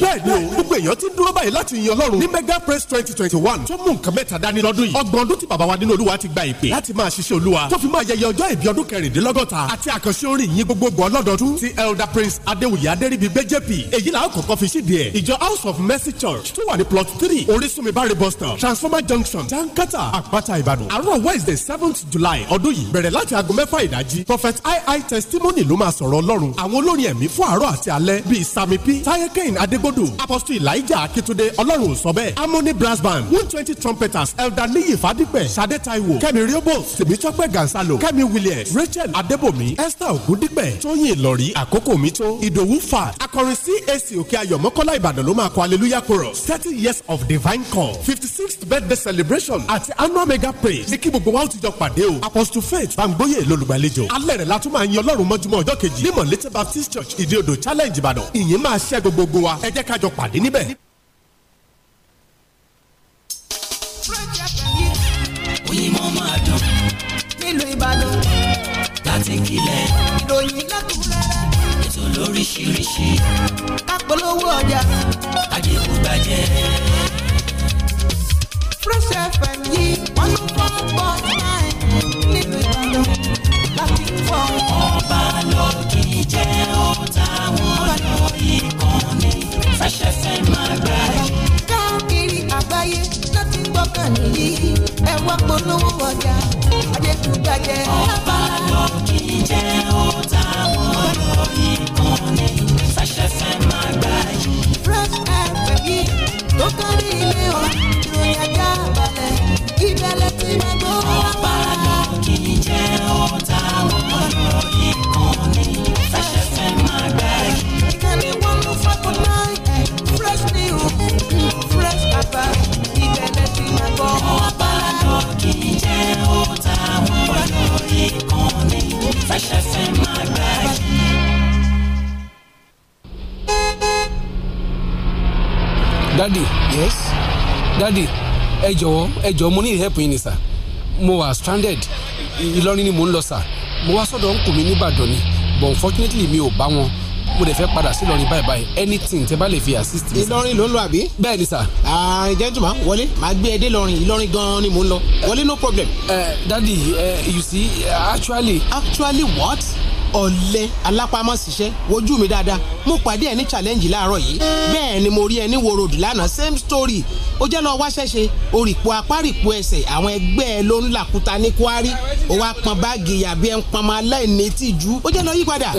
Bẹ́ẹ̀ni o, gbogbo èèyàn ti ń dúró báyìí láti yin ọlọ́run ní mega praise twenty twenty one tó mú nǹkan mẹ́ta dání lọ́dún yìí ọgbọ̀n ọdún tí bàbá wa nínú olúwa ti gba ìpè láti máa ṣiṣẹ́ olúwa tó fi máa yẹyẹ ọjọ́ ìbí ọdún kẹrìndínlọ́gọ́ta àti àkànṣe orin yìí gbogbogbò ọlọ́dọọdún ti elder prince adéwòye adéríbi BJP èyí làwọn kọ̀ọ̀kan fi ṣíde ẹ̀ ìjọ house of mercy church tó wà ní plot three orísunmi bari bus stop transformer junction jankata àpáta ìbàdàn àárọ̀ wednesday seventh july ọdún yìí bẹ̀rẹ̀ láti aago mẹ́fà ìdájí prophet ii testimony ló máa sọ̀rọ̀ ọlọ́run àwọn olórin ẹ̀mí fún àárọ̀ àti alẹ́ bíi sami p tayekein adégbodò apostle elijah akitunde ọlọ́run ò sọ bẹ́ẹ̀ harmony brass band one twenty trumpeters elder niyi fadipẹ sade taiwo kẹmi riobos tèmítọ́pẹ́ gansalo kẹmi williams rachel adebomi esther ogundigbẹ tóyìn ìlọrí àkókò mi tó ìdòwú fat akọrin cac òkè ayọ̀ mọ́kọ́lá ìbàdàn ló máa kọ hallelujah chorus thirty years of divine call fifty sixth birthday celebration àti annual mega praise ní kí gbogbo wa ó ti jọ pàdé o apostle faith bangboye lolùgbàlejò alẹ́ rẹ̀ la tún máa yin ọlọ́run mọ́júmọ́ ọjọ́ kejì ní mọ̀lẹ́tẹ̀ baptist church ìdíodò challenge ìbàdàn ìyẹn máa ṣẹ́ gbogbo wa ẹ níbẹ̀. Oyinmọ́ máa dùn nílùú Ìbàdàn láti kílẹ̀. Ìròyìn lẹ́kùnrẹ́rẹ́. Ètò lóríṣiríṣi. Kápolówó ọjà. Àdéhùn gbàjẹ́. Fresh FM yìí wọ́n ló fọ́ pọ̀ náà nílùú Ìbàdàn láti fọ́. Ọba lọ kì í jẹ́ ọ̀tá wọn lọ́yẹ̀. Fresh FM rẹ̀. káàkiri àgbáyé láti gbọ́kàn nìyí ẹ wá polówó ọjà ajẹ́tùgbàjẹ́. ọba lọ kì í jẹ́ ó ta wọ́n lórí. ẹ jọ̀wọ́ ẹ jọ̀wọ́ mo ní help yín ni sà mo wà stranded Ìlọrin ni mo ń lọ sà mo wá sọ́dọ̀ ń kù nìbàdàn ni but unfortunately mi ò bá wọn mo dẹ̀ fẹ́ padà sí Ìlọrin báyìí báyìí anything tẹ́ bá lè fi assist mi. Ìlọrin ló ń lọ àbí. bẹ́ẹ̀ ni sà. gentleman wọlé màá gbé ẹ dé Ìlọrin Ìlọrin gan-an ni mò ń lọ wọlé no problem. Uh, daddy eh, you see actually. actually what ọ̀lẹ alápámọ́síṣẹ́ wojú mi dáadáa mo pàdé ẹ ní challenge láàárọ̀ yìí bẹ́ẹ̀ ni mo rí ẹ ní wo road same story ó jẹ́ lọ́ọ́ wáṣẹ́ṣe orìpọ̀ apárìpọ̀ ẹsẹ̀ àwọn ẹgbẹ́ ẹ ló ń làkúta ní kwari ó wá pọn báàgì yàbí ẹ ń pọn ọmọ aláìní tìjú ó jẹ́ lọ́ọ́ yí padà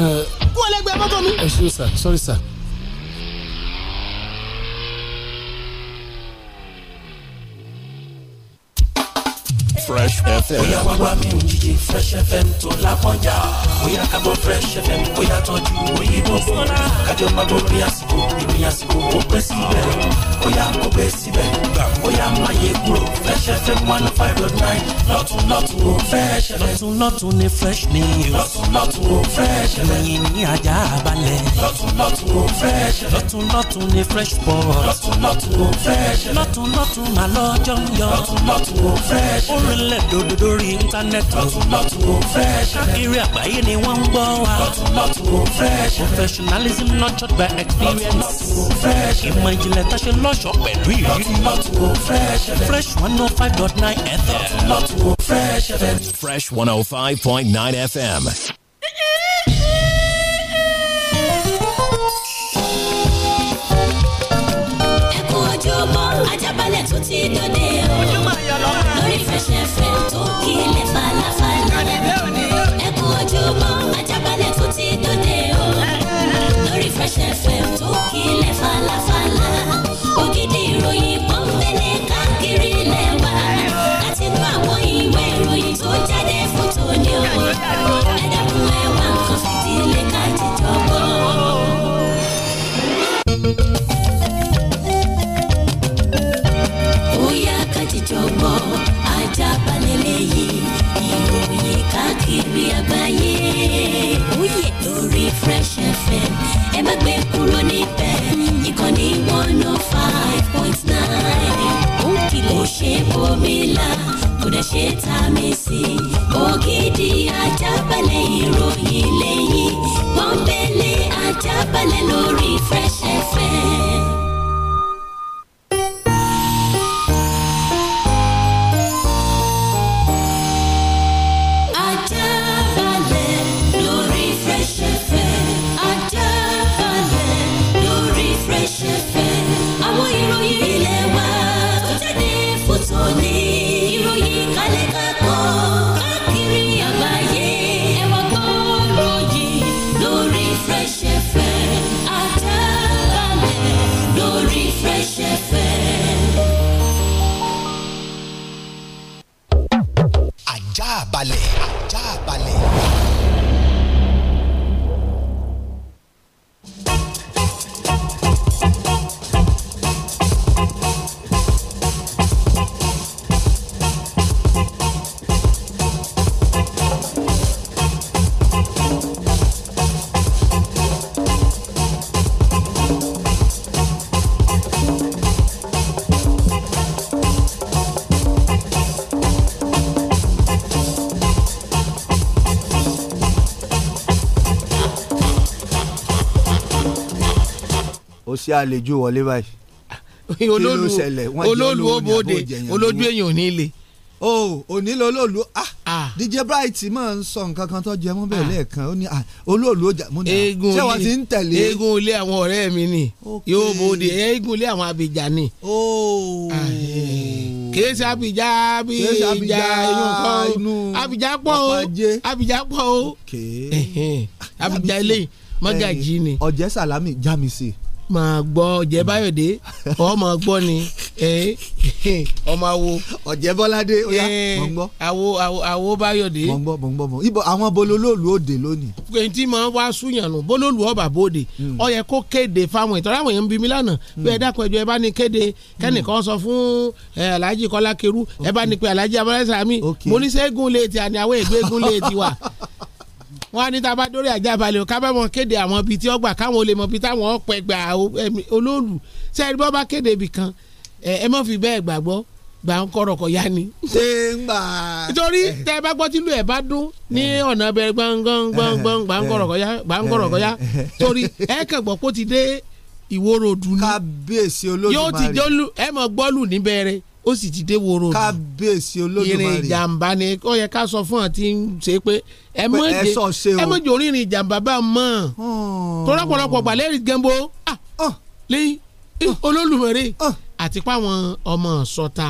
kú ọlẹ́gbẹ́ mọ́tò mi. ẹ ṣe sir sorry sir. fresh fm. ó yá mi ò jíjẹ fresh fm tó lápọ́njà bóyá kábọ̀ fresh fm bóyá tọ́jú òyìnbó bò kájọ máa borí àsìkò ìròyìn àsìkò ó pẹ́ síbẹ̀ bóyá kò pẹ́ síbẹ̀ bóyá máa yẹ kúrò fresh fm one oh five dot nine lọ́tún lọ́tún ó fresh fm. lọ́tún lọ́tún ni fresh news. lọ́tún lọ́tún ó fresh fm. lẹ́yìn ní ajá balẹ̀. lọ́tún lọ́tún ó fresh fm. lọ́tún lọ́tún ni fresh sports. lọ́tún lọ́tún ó fresh fm. lọ́tún lọ́tún máa lọ́jọ́ ń yọ. lọ́tún lọ́tún ó fresh fm. ó rinlẹ̀ dòdò lórí íńtánẹ́ẹ̀tì. lọ́tún lọ́tún fresh fm. ni wọ́n ń gbọ́ wa. fresh. professionalism nurtured by experience. ìmọ̀ ìjìnlẹ̀ tá ṣe lọ́ṣọ̀ọ́ pẹ̀lú ìrírí. fresh. one oh five dot nine fm. fresh one oh five point nine fm. Oh tó kílẹ̀ ìròyìn lẹ́yìn pọ́npẹ́lẹ́ ajábalẹ̀ lórí fresh ṣé a lè jó wọlé báyìí. olólu olólu ó bòde olójú èèyàn ò ní le. o òní lọ olólu ah, ah. DJ Bright máa ń sọ nǹkan kan tó jẹ mọ́ bẹ́ẹ̀ ah. lẹ́ẹ̀kan ó ní ah, olólu ó jà mọ́ ní àwọn ṣé wọ́n ti ń tẹ̀lé. eégún ilé àwọn ọ̀rẹ́ mi ni yóò bòde eégún ilé àwọn abìjà ni. kìí ṣe abìjà abìjà inú kan abìjà pọ̀ o abìjà pọ̀ o abìjà eléyìí mọ́gàjì ni. ọ̀jẹ̀ sàlámì já mi sí i máa gbọ́ ọ̀jẹ̀ báyọ̀dé ọ máa gbọ́ ni ọmọ awo. ọ̀jẹ̀ bọ́ládé ó mọ̀ ń gbọ́. awo awo awo báyọ̀dé. mọ̀ ń gbọ́ mọ̀ ń gbọ́ mọ̀ ibò àwọn bololóòlù òde lónìí. pèntì máa wá súyàn bololóòlù ọba bòde hmm. ó kó kéde fáwọn ìtọ́ra àwọn èèyàn ń bi lánàá pé hmm. ẹ dákun ẹjọ́ ẹ bá ní kéde hmm. kẹ́nìkan sọ fún alhaji kọ́lá kerú ẹ bá ní pé alhaji abọ́lá sàmì mo wọ́n á ní tá a bá dórí àjàbalẹ̀ o ká bá wọn kéde àwọn ibi tí wọ́n gbà káwọn olè mọ ibi táwọn ọ̀pẹ gbà olóòlù sẹ́yìn bọ́ bá kéde ibì kan ẹ mọ̀ fi bẹ́ẹ̀ gbàgbọ́ gbà ń kọ̀rọ̀ kọ̀ yá ni. ṣé ń gbà. nítorí eh. tẹ ẹ bá gbọ́ tílù ẹ bá dún ní eh. ọ̀nà abẹ́rẹ́ gbọ̀ngbọ̀ngbọ̀ngbọ̀n eh. gbà ń kọ̀rọ̀ kọ̀ yá gbà ń kọ̀rọ̀ kọ̀ yá torí ẹ kàn gbọ́ kó ti dé ìwòròdú ni. kábíyèsí olódùmarè yóò ti jọlù ẹ mọ̀ gbọ́lù níbẹ̀rẹ̀ ó sì ti dé woro dùn kábíyèsí olódùmarè ìrìn ìjàmbá ni ó yẹ ká sọ fún ọ tí ń ṣe pé ẹ mọ̀jẹ̀ ẹ mọ̀jẹ̀ orí ìrìn ìjàmbá bá mọ̀ hmm. tọ́lọ́pọ̀lọpọ̀ gbàlẹ́ rí gẹ́ńbó ah, ah. lẹ́yìn ah. olódùmarè àti páwọn ọmọ sọta.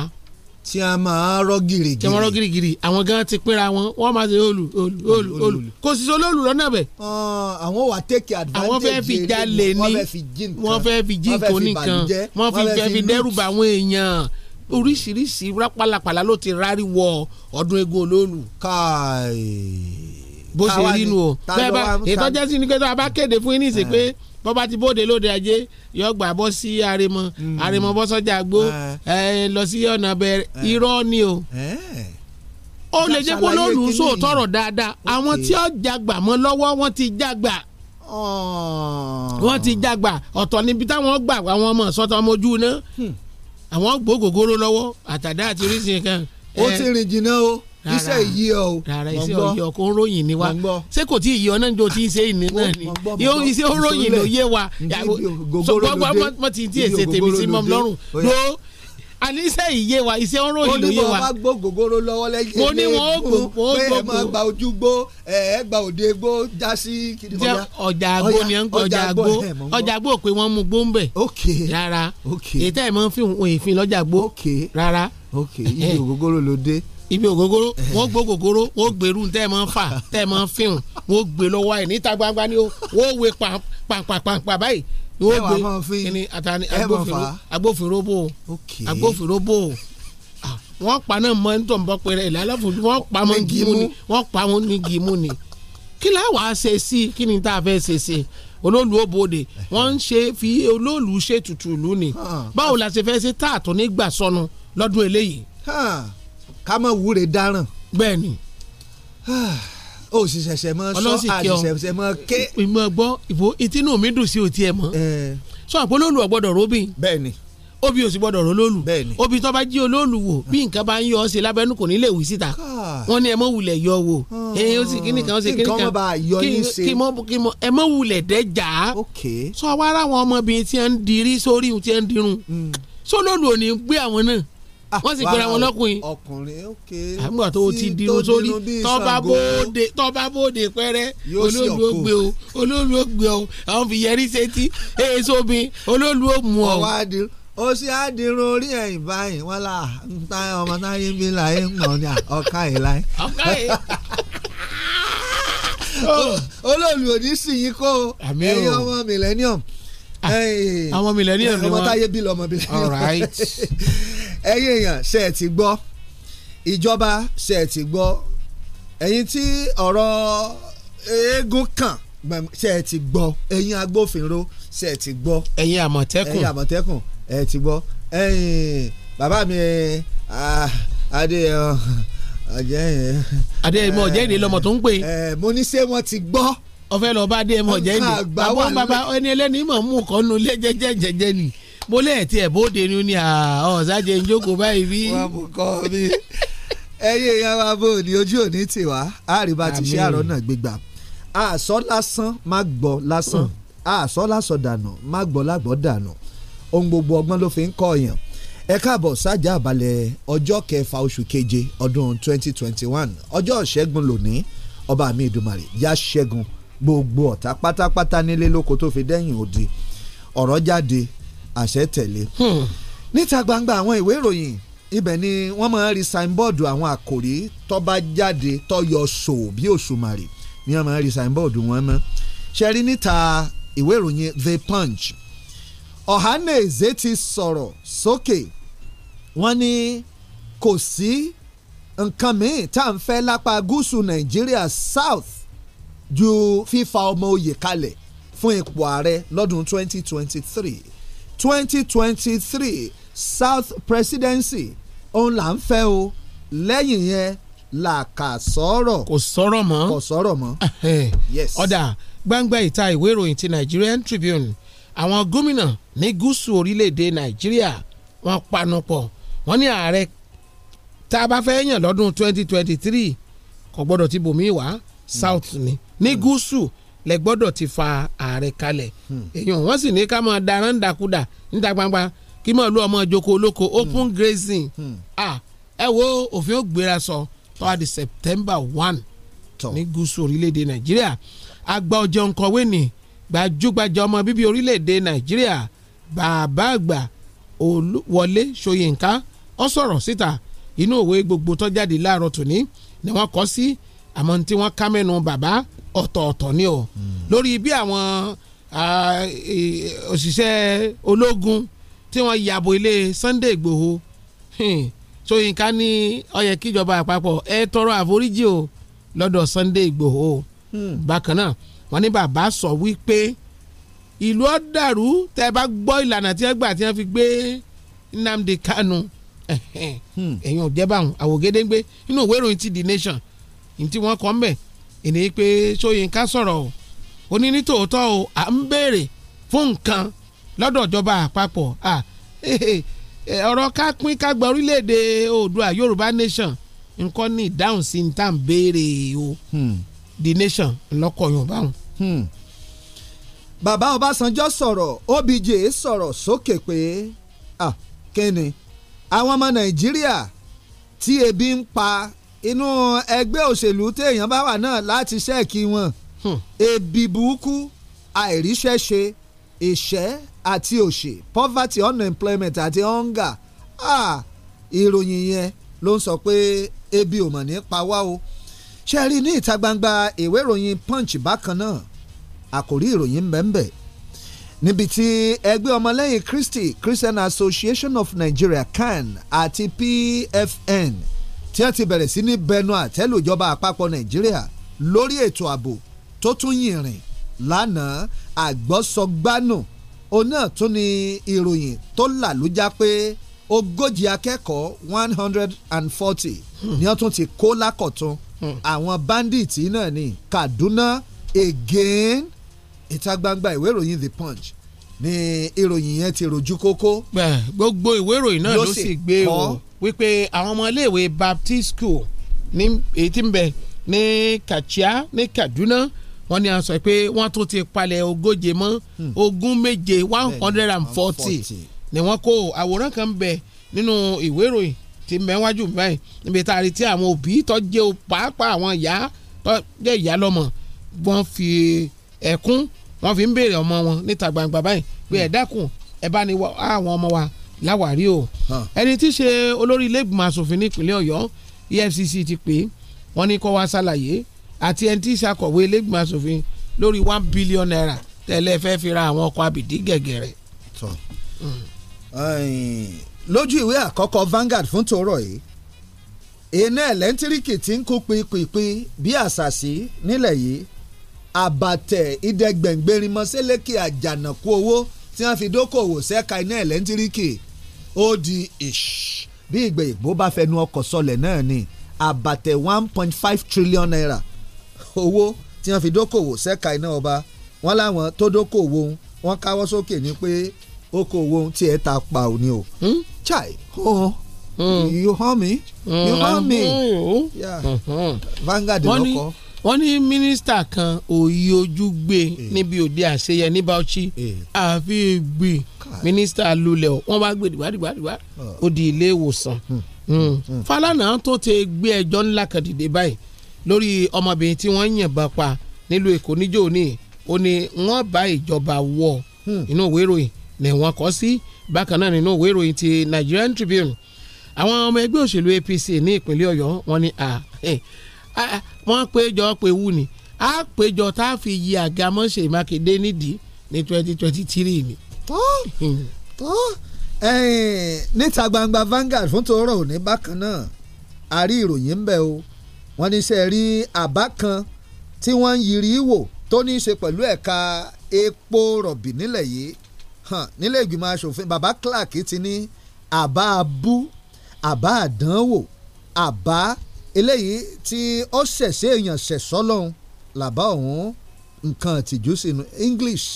tí a máa rọ gírígírí tí a máa rọ gírígírí àwọn gan ti pera wọn wọn máa ṣe olù olù olù olù kò sì sọ lọ́nà bẹ̀. àwọn wà take advantage àwọn fẹ́ fi jalè ní wọ́n fẹ́ fi jí nǹkan wọ́n wọ́n fi fẹ́ fi dẹ́rù oríṣiríṣi rápálapàla ló ti rárí wọ ọdún eégún olóòlù. káì bó ṣe rí nu o bẹ́ẹ̀ bá ìtọ́jẹ́ sí ni pé tó a bá kéde fún yín nísìsiyìí eh. pé bọ́ bá ti bóde lóde ajé yọ gbà bọ́ sí aremọ aremọ hmm. bọ́ sọ́jà gbó eh. eh, lọ sí ọ̀nà bẹ̀rẹ̀ irọ́ ni o ó lè jẹ́ kó lóòlù sóòtọ́rọ̀ dáadáa àwọn tí ó jagbà mọ́ lọ́wọ́ wọ́n ti jagbà wọ́n ti jagbà ọ̀tọ̀ níbi táwọn gbà àwọn ọmọ sọ́tọ̀ ọmọ ojú náà hmm àwọn gbogbogbòrò lọ́wọ́ àtàdá àti oríṣi nǹkan. ó ti rìn jìnnà o iṣẹ́ ìyí ọ o rárá iṣẹ́ ìyí ọ kò ń ròyìn ni wa ṣé kò tí ì yí ọ náà ní o ti ṣe ìní náà ni iṣẹ́ ó ròyìn ló yé wa gbogbo ọmọ ti ti èsè tèmi sí mọ́ lọ́rùn lóò àní iṣẹ́ ìyé wa iṣẹ́ ń ròyìn yé wa. ó bá gbó gògóró lọ́wọ́ lẹ́yìn mo ní wọn ó gbògbó pé ẹ máa gba ojú gbó ẹ ẹ gba òde gbó já sí kìdìbọ̀yà. ọjà àgbo ni ẹ ń gbọ́ ọjà àgbo ọjà àgbo pé wọ́n mú gbóǹbẹ̀ rárá ètò ẹ̀ máa ń fi òun ìfin lọ́jà àgbo rárá. ok ibi ògógóró ló dé ibi ògógóró eh. wọn gbó gògóró wọn gbèrú tẹ ẹ máa ń fà tẹ ẹ máa ń fihùn wọn gbé lọ́wọ́ yóò gbé kíni àtàní agbófinró bò agbófinró bò wọ́n pa náà mọ́ ní tọ̀nbọ́ pẹ̀rẹ̀ ìlà aláfojú wọ́n pa mọ́ gímú ni wọ́n pa mọ́ ní gímú ni kí la wàá ṣe sí kí ni tá a fẹ́ ṣe sí olóòlù òbòde wọ́n ń ṣe fi olóòlù ṣètùtù ìlú ni báwo la ṣe fẹ́ ṣe tá àtún ní gbà sọnù lọ́dún eléyìí. ká mọ̀ wúre dáràn. bẹ́ẹ̀ ni ó sì ṣẹ̀ṣẹ̀ mọ́ sọ àṣẹṣẹ̀ mọ́ ké. ìmọ̀ gbọ́ ìbò ìtinú mi dùn sí òtí ẹ̀ mọ́ sọ àpolóòlù ọ̀gbọ́dọ̀ róbìn. bẹ́ẹ̀ni obi òsì gbọ́dọ̀ rọ lólu obi tó bá jí olóòlù wò bí ah. nǹkan bá ń yọ ọ sí lábẹ́nú kò ní lè wí síta wọn ni ẹ mọ wulẹ̀ yọ wò ah. ẹyin ó sì kíní kan ó sì kíní kan kí mọ kí mọ ẹ mọ wulẹ̀ dẹ́jà sọ wá ara àwọn ọmọbìnrin tí ẹ ń dirí sórí tí ẹ ń dirun mm. sólóòlù ò ní gbé àwọn náà Ah, wọ́n sì pera wọn lọ́kùnrin. ọkùnrin ok àmọ́ tó ti dirun sórí tọ́ba bóde tọ́ba bóde pẹ́rẹ́ olóòlù ó gbé o olóòlù ó gbé o àwọn fi yẹrí sétí èso mi olóòlù ó mú ọ. ó sì á dirun orí ẹ̀yìn báyìí wọ́n là ń ta ọmọ táyé ń bí láyé ń mọ̀ ní ọ̀ka yìí láyé. ọ̀ka yìí oh. olóòlù ò ní sì yín kó ah, ẹ̀yin ọmọ millennium. àwọn millennium ni wọ́n ọmọ táyé bí lọ́mọ millennium. all right. ẹ̀yin èèyàn ṣe ẹ̀ ti gbọ́ ìjọba ṣe ẹ̀ ti gbọ́ ẹ̀yin tí ọ̀rọ̀ eégún kàn ṣe ẹ̀ ti gbọ́ ẹ̀yin agbófinró ṣe ẹ̀ ti gbọ́ ẹ̀yin àmọ̀tẹ́kùn ẹ̀yin àmọ̀tẹ́kùn ẹ̀ ti gbọ́ ẹ̀yin bàbá mi adé ọ̀jẹ̀ yẹn. adé ìmọ̀ ọ̀jẹ̀ yìí lọmọ tó ń pè. mo ní ṣé wọ́n ti gbọ́ ọ̀fẹ́ lọ bá adé ìmọ̀ ọ̀jẹ̀ yìí bàbá ẹni ẹlẹ́ni mọ̀ mú kọ́nu lé ni mo lẹ́yìn tí ẹ̀ bóde ni ó ní ọ̀sájẹ ń jókòó báyìí bí. wọn mú kọ́ mi ẹyẹ ìyá wa bò ní ojú òní tiwa àríba ti ṣe àárọ̀ náà gbégbà àsọ lásán má gbọ́ lásán àsọ lásọ dànù má gbọ́ lágbọ́ dànù ohun gbogbo ọgbọ́n ló fi ń kọ́ ọ̀yàn ẹ káàbọ̀ sájà àbálẹ̀ ọjọ́ kẹfà oṣù keje ọdún 2021 ọjọ́ ìṣẹ́gun lónìí ọba mi ìdùmarè yá ṣẹ́gun gbogbo ọ̀tá pátápátá nílé lóko tó fi dẹ́yìn òdi ọ̀rọ̀ jáde àṣẹ tẹ̀lé. Hmm. níta gbangba àwọn ìwé ìròyìn ibẹ̀ ni wọ́n máa ń rí sáínbọ́ọ̀dù àwọn àkòrí tó bá jáde tó yọ sò bí òṣùmàrè ni wọ́n máa ń rí sáínbọ́ọ̀dù wọn ná. ṣẹ́rí níta ìwé ìròyìn The Punch Ọ̀hánèzé ti sọ̀rọ̀ sókè wọ́n ní kò sí nǹkan míì tá à ń fẹ́ lápá gúúsù Nàìjíríà South ju fífa ọmọ oyè kalẹ̀ fún ipò ààrẹ lọ́dún 2023 2023 south presidency òun là ń fẹ́ o lẹ́yìn yẹn là kà sọ̀rọ̀. kò sọ̀rọ̀ mọ́ kò sọ̀rọ̀ mọ́. yes. ọ̀dà gbangba ìta ìwé ìròyìn ti Nigerian Tribune àwọn gómìnà ní gúúsù orílẹ̀-èdè Nàìjíríà wọ́n panupọ̀ wọ́n ní ààrẹ tá a bá fẹ́ yàn lọ́dún 2023 kò gbọ́dọ̀ ti bòmí wá south ni ní gúúsù lẹ gbọ́dọ̀ ti fa ààrẹ kalẹ hmm. èèyàn wọ́n sì ní ká máa da rándàkúdà níta gbangba kí máa lu ọmọ ìjókòó olóko hmm. open grazing hmm. ẹ wo òfin ó gbéra sọ tọ́wá September one ní gúúsù orílẹ̀-èdè Nàìjíríà àgbà ọ̀jọ̀ nkọ̀wé ni gbajúgbajà ọmọ bíbí orílẹ̀-èdè Nàìjíríà bàbá àgbà Wọlé Ṣóyínká ó sọ̀rọ̀ síta inú òwe gbogbo tó jáde láàárọ̀ tòní ni wọ́n kọ́ sí àmọ́ tí wọ́n ká mẹ́nu bàbá ọ̀tọ̀ọ̀tọ̀ ni o lórí bí àwọn òṣìṣẹ́ ológun tí wọ́n yàbò ilé Sunday Igboho Ṣóyínká ní ó yẹ kíjọba àpapọ̀ ẹ tọrọ àforíjì o lọ́dọ̀ Sunday Igboho hmm. bákan náà wọ́n ní bàbá sọ wípé ìlú ọ̀dàrú tẹ́ bá gbọ́ ìlànà tí wọ́n gbà tí wọ́n fi gbé Nnamdi Kanu hmm. ẹ̀yìn òjẹ́bàrún àwògedengbe nínú ìwé ìròyìn ti The Nation ní tí wọ́n kọ́ mbẹ́ ìní pé Ṣóyínká sọ̀rọ̀ o ó ní ní o à ń béèrè fún nǹkan lọ́dọ̀ ìjọba àpapọ̀ à eh, eh, eh, ọ̀rọ̀ ká pín ká gba orílẹ̀-èdè Oòduà Yorùbá nation nǹkan ní ìdáhùn sí ní tá à ń béèrè o hmm. the nation lọ́kọ̀ Yorùbá wọn. Hmm. bàbá Ọbásanjọ́ sọ̀rọ̀ Obj sọ̀rọ̀ sókè pé ah, kíni àwọn ọmọ Nàìjíríà tí ebi ń pa inú ẹgbẹ́ òṣèlú téèyàn bá wà náà láti ṣẹ́ẹ̀kì wọn hmm. ebi burúkú àìríṣẹ́ṣe ìṣẹ́ àti òṣè poverty unemployment àti hunger ah, ìròyìn yẹn ló ń sọ pé ebi ò mọ̀ ní pa wá o ṣe rí ní ìta gbangba ìwé ìròyìn punch bákan náà àkòrí ìròyìn mbẹ́mbẹ́ níbi tí ẹgbẹ́ ọmọlẹ́yìn Christi Christian Association of Nigeria CAN àti PFN tí wọ́n ti bẹ̀rẹ̀ sí ní bẹnu àtẹ́lù ìjọba àpapọ̀ nàìjíríà lórí ètò ààbò tó tún yìnrìn lánàá àgbọ́sọgbánù òun náà tún ni ìròyìn tó làlújá pé ogójì akẹ́kọ̀ọ́ one hundred and forty ni wọ́n tún ti kó lákọ̀tún hmm. àwọn bandits náà ní Kaduna again ìta gbangba ìwé ìròyìn The Punch ni ìròyìn yẹn ti rojú kókó. gbogbo ìwé ìròyìn náà ló sì gbé o wípé àwọn ọmọ iléèwé Baptist School ní èyí tí ń bẹ ní Kachia ní Kaduna wọ́n ní a sọ pé wọ́n tún ti palẹ̀ ogóje mọ́ hmm. ogún méje one hundred and forty ni wọ́n kó àwòrán kan bẹ nínú ìwé ìròyìn tí mẹ́wájú mẹ́rin níbi tá a rí tí àwọn òbí tó jẹ́ pàápàá àwọn ìyá tó jẹ́ ìyá lọ́mọ wọ́n fi ẹ̀kún wọ́n fi ń béèrè ọmọ wọn níta gbangba báyìí pé ẹ dákun ẹ bá ní àwọn ọmọ wa láwárí o ẹni tí í ṣe olórí ilé-ìgbìmọ̀ asòfin nípínlẹ̀ ọ̀yọ́ EFCC ti pè é wọ́n ní kó wá ṣàlàyé àti ẹni tí í ṣàkọ̀wé ilé asòfin lórí one billion naira tẹ́lẹ̀ fẹ́ fi ra àwọn ọkọ̀ abìdí gẹ̀gẹ̀rẹ̀. Hmm. lójú ìwé àkọ́kọ́ Vanguard fún tòórọ̀ yìí iná ẹ̀lẹ́ńtíríkì tí ń kú pípípí bí àṣàṣì nílẹ̀ yìí àbàtẹ̀ ìdẹ́gbẹ̀ngbẹ̀rin mọ́sẹ́lẹ́kì àjànàkú owó tí wọ́n fi dókòwò sẹ́ka iná ẹ̀lẹ́ńtíríkì ó ish. bí ìgbẹ́ ìgbó bá fẹnu ọkọ̀ sọlẹ̀ náà ni àbàtẹ̀ one point five trillion naira owó tí wọ́n fi dókòwò sẹ́ka iná ọba wọ́n láwọn tó dókòwò ohun wọ́n káwọ́ sókè ni pé okòwò ohun tí ẹ̀ ta pa ò o. Hmm? chai oh you hàn mí you hàn hmm, mí Vanguard lọkọ wọ́n ní mínísítà kan òye ojú gbé níbi òde àṣeyẹ ní Bauchi eh. àfi gbé mínísítà lulẹ̀ wọ́n wá gbé dìgbàdìgbàdìgbà ah. ó di ilé ìwòsàn hmm. hmm. hmm. Falana tó ti gbé ẹjọ́ ńlá kan dìde báyìí lórí ọmọbìnrin tí wọ́n yìnbọn pa nílùú Èkó níjó ní ó ní wọ́n bá ìjọba wọ̀ inú ìwé ìròyìn ni wọ́n kọ sí bákan náà nínú ìwé ìròyìn ti Nigerian Tribune àwọn ọmọ ẹgbẹ́ òṣèlú APC ní ìpínlẹ̀ Ọ̀yọ́ wọ́n ní à ah, eh, ah, wọ́n péjọ péwu ni á péjọ tá a fi yí àga mọ́ṣẹ́ Mákindé nídìí ní twenty twenty three ni. tó tó níta gbangba Vanguard fún tòórọ́ òní bákan náà a rí ìròyìn ń bẹ o wọ́n ní sẹ́ rí àbá kan tí wọ́n ń yiri wò tó ní í ṣe pẹ̀lú ẹ̀ka epo rọ̀bì nílẹ̀ yìí hàn nílé ìgbìmọ̀ asòfin baba Clark ti ní àbá abú àbá àdánwò àbá eléyìí tí ó ṣẹ̀ṣẹ̀ èèyàn ṣẹ̀ṣọ́ lọ́hùn làbá ọ̀hún nǹkan àtìjú sínú English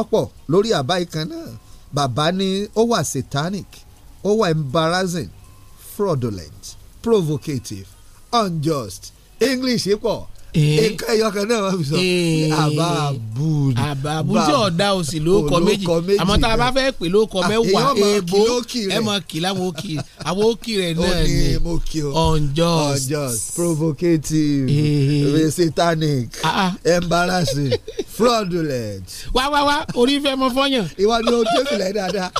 ọ̀pọ̀ lórí àbá ikan náà bàbá ní ó wà satanic ó wà embarrassing fraudulent provocative unjust English pọ̀ nǹkan eh. ẹyọkan náà wọ́n fi sọ ababu eh. ababu tí ọ̀dà òsì ló kọ méjì àmọ́ tá a bá fẹ́ pè ló kọ ah, mẹ́wàá èèbó ẹ mọ̀ kí láwọn òkì àwọn òkì rẹ̀ náà ni unjust unjust provocative eh. satanic ah, ah. embarrassing fraudulent. wá wá wá orí fẹ́ mọ fọ́yàn. ìwádìí ló ń tẹ̀sílẹ̀ dáadáa.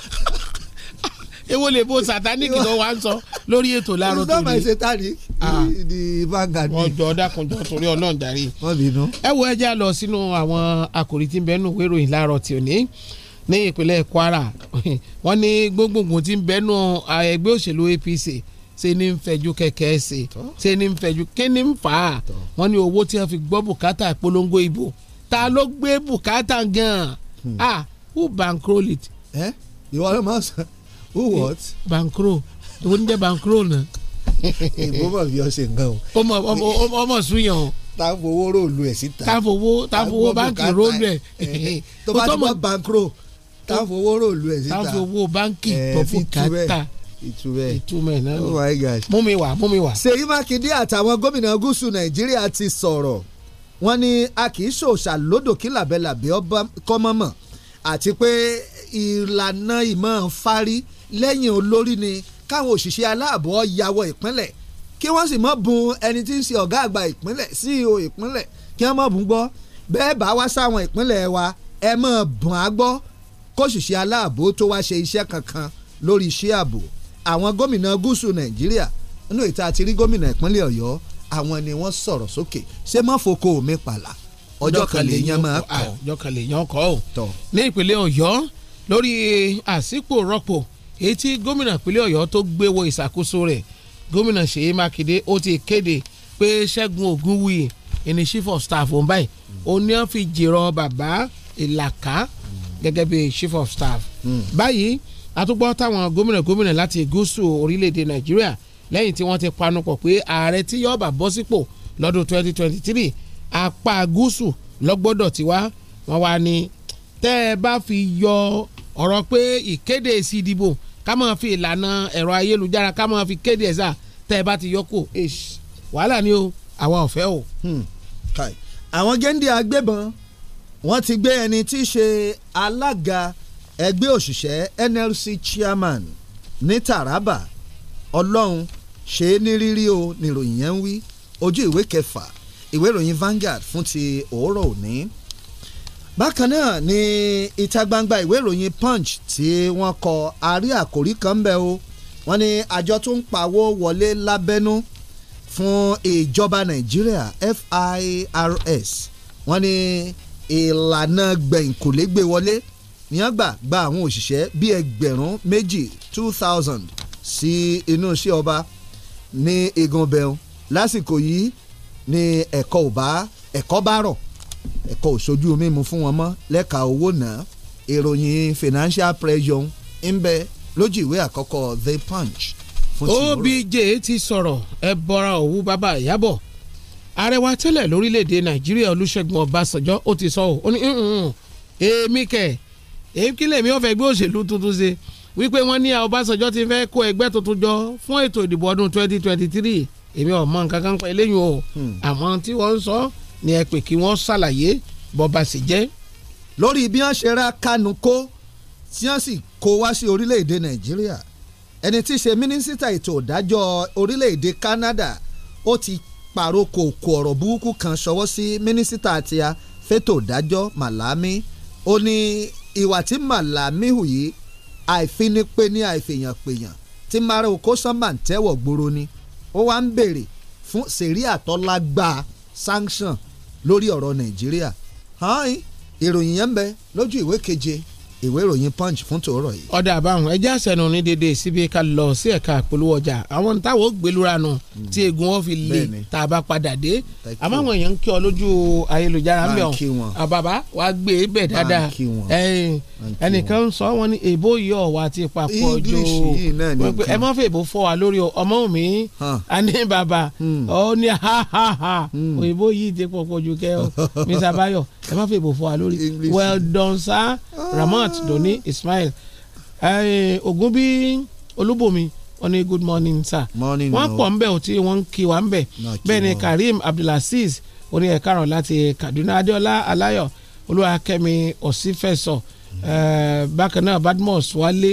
Ewo lè bo satanic lọ wá ń sọ lórí ètò láàárọ̀ tó ah. ní. ìdọ́mọ̀ ìṣètàní di vangard. ọjọ́ dákunjọ́ torí ọlọ́run darí. wọ́n bínú. ẹ wo ẹja lọ sínú àwọn àkòrí tí ń bẹ́nu wéròyìn láàárọ̀ tí ò ní ní ìpínlẹ̀ Kwara wọ́n ní gbóngbòngbò tí ń bẹ́nu ah, ẹgbẹ́ òṣèlú APC ṣe ní ń fẹjú kẹ̀kẹ́ ṣe ṣe ní ń fẹjú kí ni ń fà á owó tí wọ́n fi gbọ́ bùkátà ìpolongo ìbò ta ló gbé bùkátà gan hmm. ah who bankroll it. ẹ ìwọ ló máa sọ who eh, what. bankro èwo ni bankro na. ègbó mọ̀ bí ọ ṣe gan o. ọmọ ọmọ ọmọ sunyàn o. tá a fowó róòlù ẹ̀ síta. tá fowó tá fowó báńkì róòlù ẹ̀. tó bá ti mọ bankro tá a fowó róòlù ẹ̀ síta. tá a fowó báńkì pọ̀fù kàtà ìtumẹ̀ ìtumẹ̀ náà oh my gosh mú mi wá mú mi wá. Ṣèyí Mákindé àtàwọn gómìnà gúúsù Nàìjíríà ti sọ̀rọ̀ wọ́n ní a kì í ṣòòṣà lódò kí ọba kọ́mọ́mọ́ àti pé ìlànà ìmọ̀ fárí lẹ́yìn olórí ni káwọn òṣìṣẹ́ aláàbọ̀ yàwọ̀ ìpínlẹ̀ kí wọ́n sì mọ̀ bun ẹni tí ń ṣe ọ̀gá àgbà ìpínlẹ̀ CEO ìpínlẹ̀ kí wọ́n mọ̀ bun gbọ́ bẹ́ẹ̀ bá wá sáwọn ìpínlẹ̀ wa ẹ mọ̀ bùn á gbọ́ kóṣìṣẹ́ aláàbò tó wá ṣe iṣẹ́ kankan lórí iṣẹ́ ààbò àwọn gómìnà gúúsù Nàìjíríà nínú ìta àti rí gómìnà ìpínlẹ̀ Ọ̀yọ́ àwọn ni wọ́n sọ̀rọ̀ sókè ṣé má foko mi pàlà ọjọ́ kan lè yan máa kọ́ ọjọ́ kan lè yan kọ́ ò ní ìpínlẹ̀ Ọ̀yọ́ lórí àsìkò rọ́pò èyí tí gómìnà ìpínlẹ̀ ọ̀yọ́ tó gbé wọ ìṣàkóso rẹ̀ gómìnà ṣèyí mákindé ó ti kéde pé ṣẹ́gun ògúnwùyí ẹni chief of staff òun báyìí òun ni wọ́n fi jìrọ̀ bàbá ìlàkà gẹ́gẹ́ bí chief of staff. Hmm. báyìí àtúgbọ́ táwọn gómìnà gómìnà láti gúúsù orílẹ̀-èdè nàìjíríà lẹ́yìn tí wọ́n ti panupọ̀ pé ààrẹ tí yóò bá bọ́ sípò lọ́dún 2023 apá gúúsù lọ́gbọ́dọ̀ ti wá wọ́n wá ní tẹ́ ẹ bá fi yọ ọ̀rọ̀ pé ìkéde èsì ìdìbò ká máa fi ìlànà ẹ̀rọ ayélujára ká máa fi kéde ẹ̀sà tẹ́ ẹ bá ti yọkù wàhálà ni o àwa ọ̀fẹ́ o. Hmm. àwọn géńdé agbébọn wọ́n ti gbé ẹni tí í ṣe alága ẹgbẹ́ òṣìṣẹ́ NLC chairman ní Taraba ọlọ́run ṣe é ní rírí o níròyìn yẹn ń wí ojú ìwé kẹfà ìwé ìròyìn Vanguard fún ti òórọ̀ òní bákan náà ní ìta gbangba ìwé ìròyìn punch tí wọ́n kọ àrí àkòrí kan bẹ́ẹ̀ o wọ́n ní àjọ tó ń pawó wọlé lábẹ́nú fún ìjọba nàìjíríà FIRS wọ́n ní ìlànà gbẹ̀ǹkùlégbè wọlé ní àgbà gba àwọn òṣìṣẹ́ bíi ẹgbẹ̀rún méjì two thousand sí inú iṣẹ́ ọba ní igun bẹ́ẹ̀ lásìkò yìí ní ẹ̀kọ́ ò bá ẹ̀kọ́ bá rọ̀ ẹ̀kọ́ òṣojú mímu fún wọn mọ́ lẹ́ka owó náà ìròyìn financial pressure ń lójú ìwé àkọ́kọ́ the punch. OBJ ti sọ̀rọ̀ ẹ bọra òwú bàbá ìyàbọ̀ arẹwà tẹ́lẹ̀ lórílẹ̀‐èdè nàìjíríà olúṣẹ́gun ọbásanjọ́ ó ti sọ ọ́ ó ní èmi kẹ̀ èmi kí lèmi ọ̀fẹ́ gbé òṣèlú tuntun ṣe wípé wọ́n ní ọbásanjọ́ ti fẹ́ kó ẹgbẹ́ tuntun jọ fún ètò ìdìbò ọdún three. èmi ò mọ nǹkan kan pa eléyìí o hmm. àmọ́ tí wọ́n ń sọ ọ́ ni ẹ pè kí wọ́n ṣàlàyé bọ́ba sì jẹ́. lórí bí wọ́n ṣe ra kánú kó tí wọ́n sì kó wá sí orílẹ̀-èdè nàìjíríà ẹni tí í ṣe mínísítà ètò ìdájọ́ orílẹ̀-èdè Canada ó ti pàrokò kò ọ̀rọ̀ burúkú kan ṣọwọ́ sí mínísítà àti afẹ́tò ìdájọ́ Malami ó ní ìwà tí Malami hù yìí àìfinipe ní àìfìyànpèyàn tí mara okosama ń tẹ́wọ̀ gbòòrò ni ó wá ń béèrè fún sẹ̀ríà tó sanction lórí ọ̀rọ̀ nàìjíríà hàn ìròyìn yẹn ń bẹ lójú ìwé keje ìwé ìròyìn punch fún tòórọ̀ yìí. ọ̀dà àbáhùn ẹjẹ́ àṣẹnu ní dédé síbi ká lọ sí ẹ̀ka àpolówó ọjà àwọn táwọn ò gbẹlúra tí egun wọn fi lè tá a bá padà dé àmọ́ àwọn èèyàn ń kí ọ lójú ayélujára ń bẹ̀ wọn àbàbà wàá gbé e bẹ̀ dáadáa ẹnìkan ń sọ wọn ní èbó yọ wà á ti papọ̀ jọ hmm. hmm. ẹ má fẹ́ èbó fọ́ wa lórí ọmọ mi àní bàbá ọ ní ha òyìnbó yìí ti pọ̀pọ̀ jù kẹ́ ọ Mr. Bayo ẹ má fẹ́ èbó fọ́ wa lórí well done sir ah. Ramat Doni Ismail ogun bí olúbomi wọ́n ní good morning sir. morning wọ́n pọ̀ ńbẹ̀ ò tí wọ́n ń kí wa ńbẹ̀ bẹ́ẹ̀ ni Karim Abdulaziz oní ẹ̀ka ràn láti Kaduna Adéọlá Aláyọ̀ Olúwakẹ́mi Ọ̀sífẹ̀sọ̀ hmm. eh, bákan náà Badmus Wálé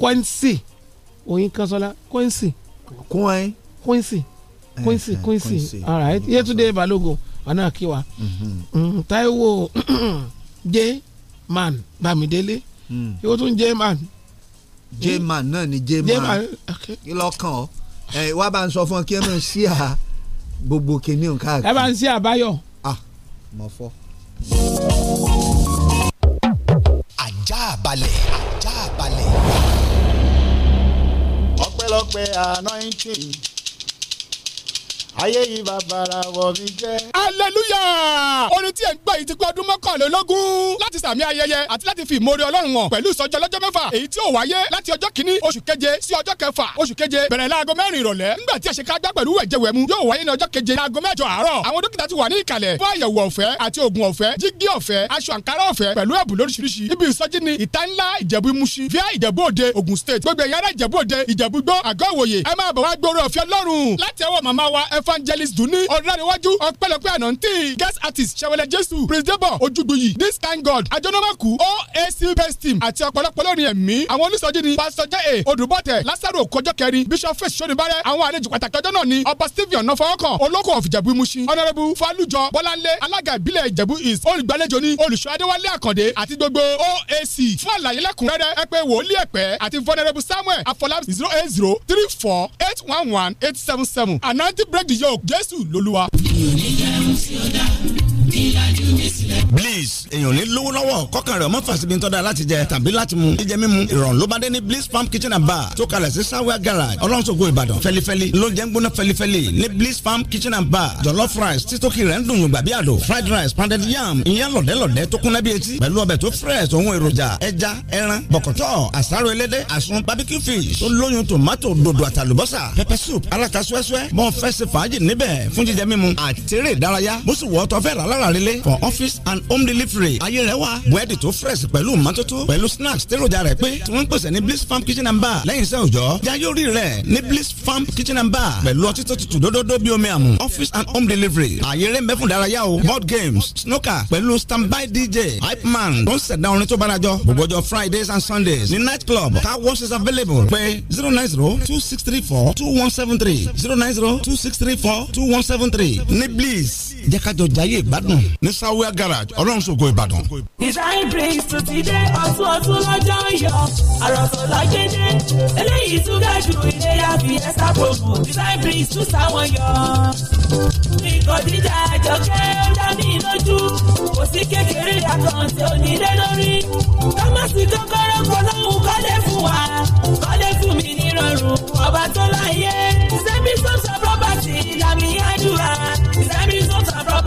Quincy Oyin Kansola Quincy. Quincy. Quincy Quincy Quincy all right Yétúndé Balógun wọn náà kí wa mm-hmm. mm-hmm. Táíwò J man Bámidélé ìwọ hmm. tún J man jayman náà ni jayman kí lọ́kàn ọ́ ẹ wá bá ń sọ fún ọ kí ẹ máa ṣí à gbogbo kìnìún káàkiri. ẹ bá ń ṣí àbáyọ. ah mọ̀ fọ́. ajá balẹ̀ ajá balẹ̀. ọpẹ́lọpẹ́ anointing ayé yìí bàbàrà wọ̀ mí jẹ́. hallelujah orin tí ẹ̀ ń gbọ́ yìí ti pé ọdún mọ́kànlélógún láti sàmì ayẹyẹ àti láti fi ìmoore ọlọ́run hàn pẹ̀lú ìsọjí ọlọ́jọ́ mẹ́fà èyí tí ó wáyé láti ọjọ́ kìíní oṣù keje sí ọjọ́ kẹfà oṣù keje bẹ̀rẹ̀ láago mẹ́rin ìrọ̀lẹ́ nígbà tí àṣekágbá pẹ̀lú wẹ̀jẹwẹ̀mu yóò wáyé ní ọjọ́ keje láago mẹ́jọ àárọ̀ àwọn dókítà ti wà ní ìkàlẹ̀ fún àyẹ̀wò ọ̀fẹ́ àti oògùn ọ̀fẹ́ jígí ọ̀fẹ́ aṣọ àǹkárá ọ̀fẹ́ pẹ̀lú ẹ̀bùn lóríṣiríṣi níbi ìsọjí ni ìta ìjẹ̀bú imuṣi via ìjẹ̀bú òde Ògùn state gbogbo ẹ̀yà ara ìjẹ̀bú òde ìjẹ̀bú gbọ́ àgọ́ ìwòye ẹ máa bọ̀ wá gbóòrò ọ̀fẹ́ wa ẹ evangelist duni ọ̀dúnrànìwájú ọ̀pẹ̀lọpẹ̀ ànántì guest artist sẹwẹlẹ jésù pírẹsidẹ́bọ̀ ojúgboyì this thank god àjọnọ́mọ̀kù oac best team àti ọ̀pọ̀lọpọ̀ lórin ẹ̀mí àwọn onísọjí ni pastor jẹ́ odùbọ̀tẹ̀ lásàrò kọjọ́ kẹrin bishop faith sonibare àwọn àlejò pàtàkì ọjọ́ náà ni ọba stephen ọ̀nàfọwọ́kàn olóko of ìjẹ̀bú ìmúṣin honourable falujọ bọ́láńlé alága ìbílẹ̀ ìjẹ̀bú east olùgbàlejò ni olùṣọ́ adéwálé àkàndé àti gbogbo oac fún àlàyé lẹ́kùnrẹ́rẹ́ ẹ pé wòlíì ẹ̀pẹ́ àti vulnerable samuel afọlábí zero eight zero three four eight one one eight seven seven ananti break ti yọ Jésù lólúwa. mi ò ní jẹun tí ó bliss èèyàn ní lówó lọ́wọ́ kọ́kàn rẹ̀ ọmọ fàṣibí tọ́da láti jẹ tàbí láti mu jíjẹ mímu ìrọ̀rùn ló bá dé ní bliss farm kitchen and bar tó kalẹ̀ sí sáwẹ́ garage ọlọ́nṣogo ìbàdàn fẹlifẹli lóúnjẹ ń gbóná fẹlifẹli ní bliss farm kitchen and bar jollof rice títókì rẹ̀ ń dùn yùngbà bí àdó fried rice pounded yam ìyẹn lọ̀dẹ́lọ̀dẹ́ tó kúnná bí etí pẹ̀lú ọbẹ̀ tó fresh ohun èròjà ẹja ẹran bọ̀kọ̀tọ̀ barbecue fish tó lóyún tomato dòdò àtàlùbọ́sà pepper soup aláta suẹ́suẹ́ bọ́n fẹ́ ṣe fàájì níbẹ̀ fún jíjẹ mímu àtẹ̀rẹ̀ ìdárayá bó sì sára for office and home delivery. ayé rẹ wá búrẹ́dì tó fresh pẹ̀lú mọ́tótó pẹ̀lú snacks tẹ́rọ̀jà rẹ̀ pé tí wọ́n ń pèsè ní bliss farm kitchen and bar lẹ́yìn iṣẹ́ òòjọ́ jayórí rẹ̀ ní bliss farm kitchen and bar pẹ̀lú ọtí tó tutù dódódó bí omi àmù office and home delivery. ayé rẹ̀ ń bẹ fún o board games snooker pẹ̀lú standby dj hype man tó ń ṣẹ̀dá orin tó bára jọ gbogbo ọjọ́ fridays and sundays ní night club car wash is available pé zero nine zero two six three four two one seven three zero nine zero two six three four two one seven three ní bliss jẹ́ ká jọ jayé ìgbádùn ní sáwẹ́ garage ọlọ́runṣògo ìbàdàn. design brings to ti dé ọ̀tún ọ̀tún lọ́jọ́ yọ àròsọ lọ́jẹ́dẹ́ eléyìí tún ga ju ìlera fiesta promo design brings tún sáwọn yọ. nǹkan jíjà àjọkẹ́ ó dá mi lójú kò sí kékeré àkàǹtì onílé lórí tọ́mọ̀sì kọ́kọ́rọ́ polówó kọ́lé fún wa kọ́lé fún mi nírọ̀rùn ọba tó láyé sẹ́mi sọ́sọ́ property làmì àdúrà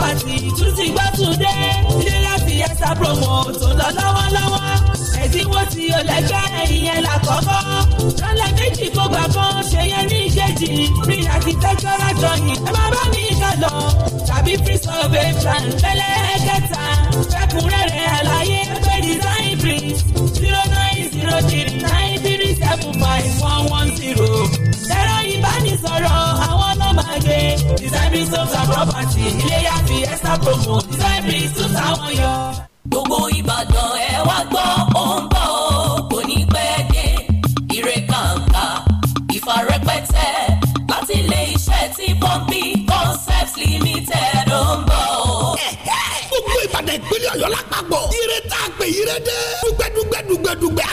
pàtì tún ti gbọ́ tún dé ilé láti yẹsà promo tó lọ lọ́wọ́lọ́wọ́ ẹ̀dínwó tí o lẹ́gbẹ́ ìyẹn là kọ́kọ́ lọ́lẹ̀ méjì kó gbà kan ṣe yẹn ní ìkejì free architectural drawing ẹ má bá mi kà lọ tàbí free survey plan lẹ́lẹ́ kẹta fẹ́kúnrẹ́rẹ́ àlàyé pé design print zero nine zero three nine three seven five one one zero ẹ̀rọ ìbánisọ̀rọ̀. Design homes and property Iléyá fi extra promo Design tún táwọn yọ. Gbogbo Ìbàdàn ẹ wá gbọ́ ó ń bọ̀ ó kò ní pẹ́ dé ire kàǹkà ìfarẹ́pẹ́tẹ́ láti ilé iṣẹ́ tí pọ́ńpì concepts limited ó ń bọ̀ ó. Gbogbo Ìbàdàn ìpínlẹ̀ Ọ̀yọ́ lápapọ̀ ire tá a pè ire dé dùgbẹ́dùgbẹ́dùgbẹ́dùgbẹ́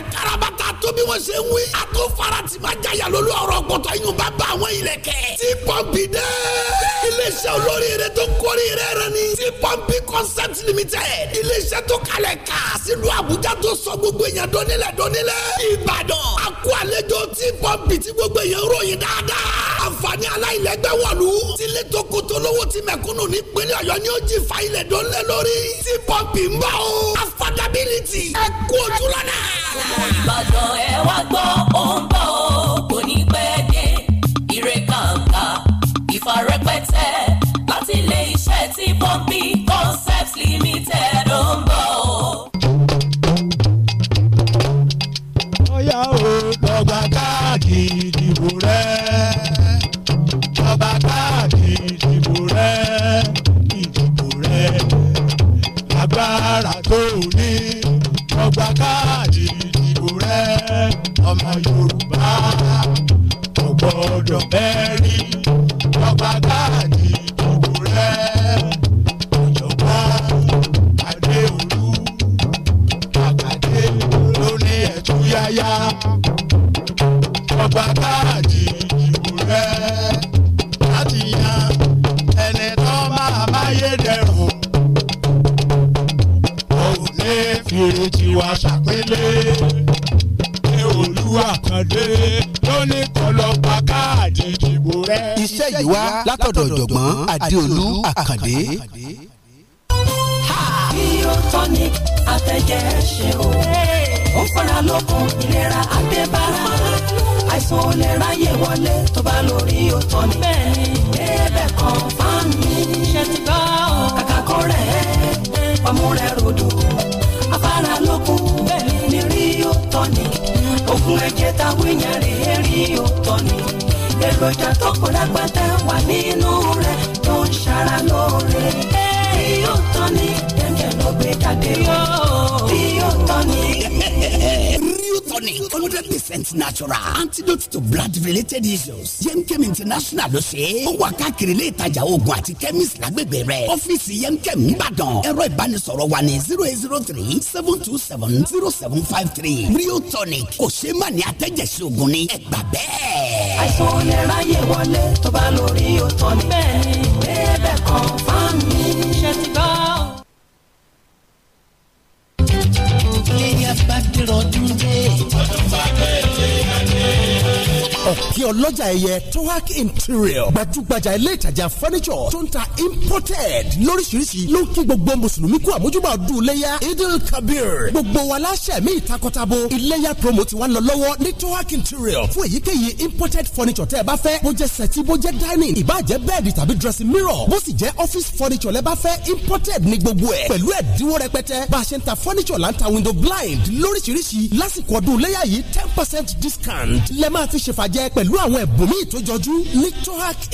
mo ṣe wí. a tó fara tí ma jaya lólu ọ̀rọ̀ gbọ́tọ̀ yín bá bá àwọn ìlẹ̀kẹ̀. ti pọ́ǹpì dẹ́. iléeṣẹ́ olórí rẹ tó kórè rẹ rẹ ni. ti pọ́ǹpì concept limited. iléeṣẹ́ tó kalẹ̀ ká sílùú àbújá tó sọ gbogbo èèyàn dọ́nilẹ̀ dọ́nilẹ̀. ìbàdàn a kó àlejò ti pọ́ǹpì tí gbogbo èèyàn ròyìn dáadáa. àǹfààní aláìlẹ́gbẹ́ wọ̀lú. tilé tó koto lówó ti mẹ̀kúnnù nípínlẹ̀ ọ̀yọ́ ni ó jì fa ilẹ̀ dọ́nilẹ̀ lórí. ti pọ́ǹpì ń bọ̀ o. affordability ẹ kú ojú lọ́nà. ọmọ ìbàdàn ẹ wá gbọ́ òun bọ̀. Allez. Allez. natural antidote to blood related issues yemkem international ló ṣe é ó wà káàkiri ilé ìtajà oògùn àti chemist lágbègbè rẹ ọ́fíìsì yemkem nìbàdàn ẹ̀rọ ìbánisọ̀rọ̀ wà ní zero eight zero three seven two seven zero seven five three rio tonic kò ṣe é mà ní atẹ́jẹsí oògùn ni ẹ gbà bẹ́ẹ̀. àìsàn olè ráyè wọlé tó bá lórí o tonic. bẹ́ẹ̀ni ọlọ́jà ẹ̀yẹ tohac interior gbajúgbajà ilé ìtajà furniture tó ń ta imported lóríṣiríṣi ló ń kí gbogbo mùsùlùmí kú àmójúbà ọdún iléyà idil kabir gbogbo wa láṣẹ mi ìtakọtabo iléyà promo ti wá lọ lọ́wọ́ ní tohac interior fún èyíkéyìí imported furniture tẹ́ ẹ bá fẹ́ bó jẹ́ sẹ́tí bó jẹ́ dining ìbá jẹ́ bẹ́ẹ̀dì tàbí dressing mirror bó sì jẹ́ office furniture lẹ́ bá fẹ́ imported ní gbogbo ẹ̀ pẹ̀lú ẹ̀dínwó rẹpẹtẹ bá a ṣe ń ta furniture là ń ta window blind lóríṣiríṣi lásìkò ọdún iléyà yìí ten percent discount lẹ́ máa fi ṣèfàjẹ́ pẹ̀lú pẹ̀lú àwọn ẹ̀bùn míì tó jọjú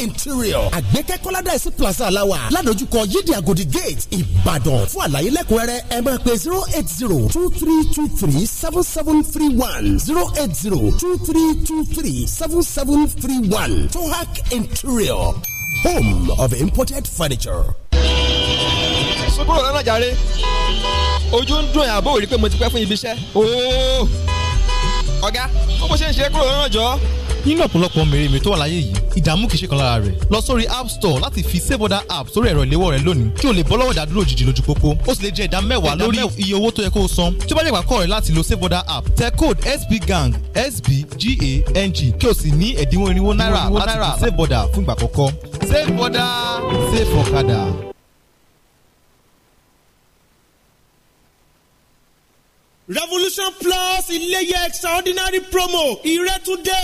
interior àgbẹ̀kẹ́ kọ́ládà ẹ̀sìn plaza aláwà ládojúkọ yídì àgòdì gate ìbàdàn fún àlàyé lẹ́kùnrẹ́rẹ́ ẹ máa pe zero eight zero two three two three seven seven three one zero eight zero two three two three seven seven three one tohac interior home of imported furniture. ṣùgbọ́n ọ̀rọ̀ náà jàre ojú ń dùn àbọ̀ òrí pé mo ti pẹ́ fún ibi iṣẹ́ ọ̀gá bó ṣe ń ṣe kúrò lọ́nà jọ nínú ọ̀pọ̀lọpọ̀ mèremè tó wà láyé yìí ìdààmú kìí ṣe kan lára rẹ̀ lọ sórí app store láti fi saveoda app sórí ẹ̀rọ ìléwọ́ rẹ lónìí kí o lè bọ́ lọ́wọ́ ìdádúró òjijì lójú pópó ó sì lè jẹ́ ìdá mẹ́wàá lórí iye owó tó yẹ kó o san tí ó bá jẹ́ ìpàkọ́ rẹ láti lo saveoda app tẹ code sbgang sbgang kí o sì ní ẹ̀dínwó irinwó náírà láti fi saveoda fún ìgbà àkọ́kọ́ saveoda safe ọ̀kadà. revolution plus iléyẹ extraordinary promo ìrẹ́túndé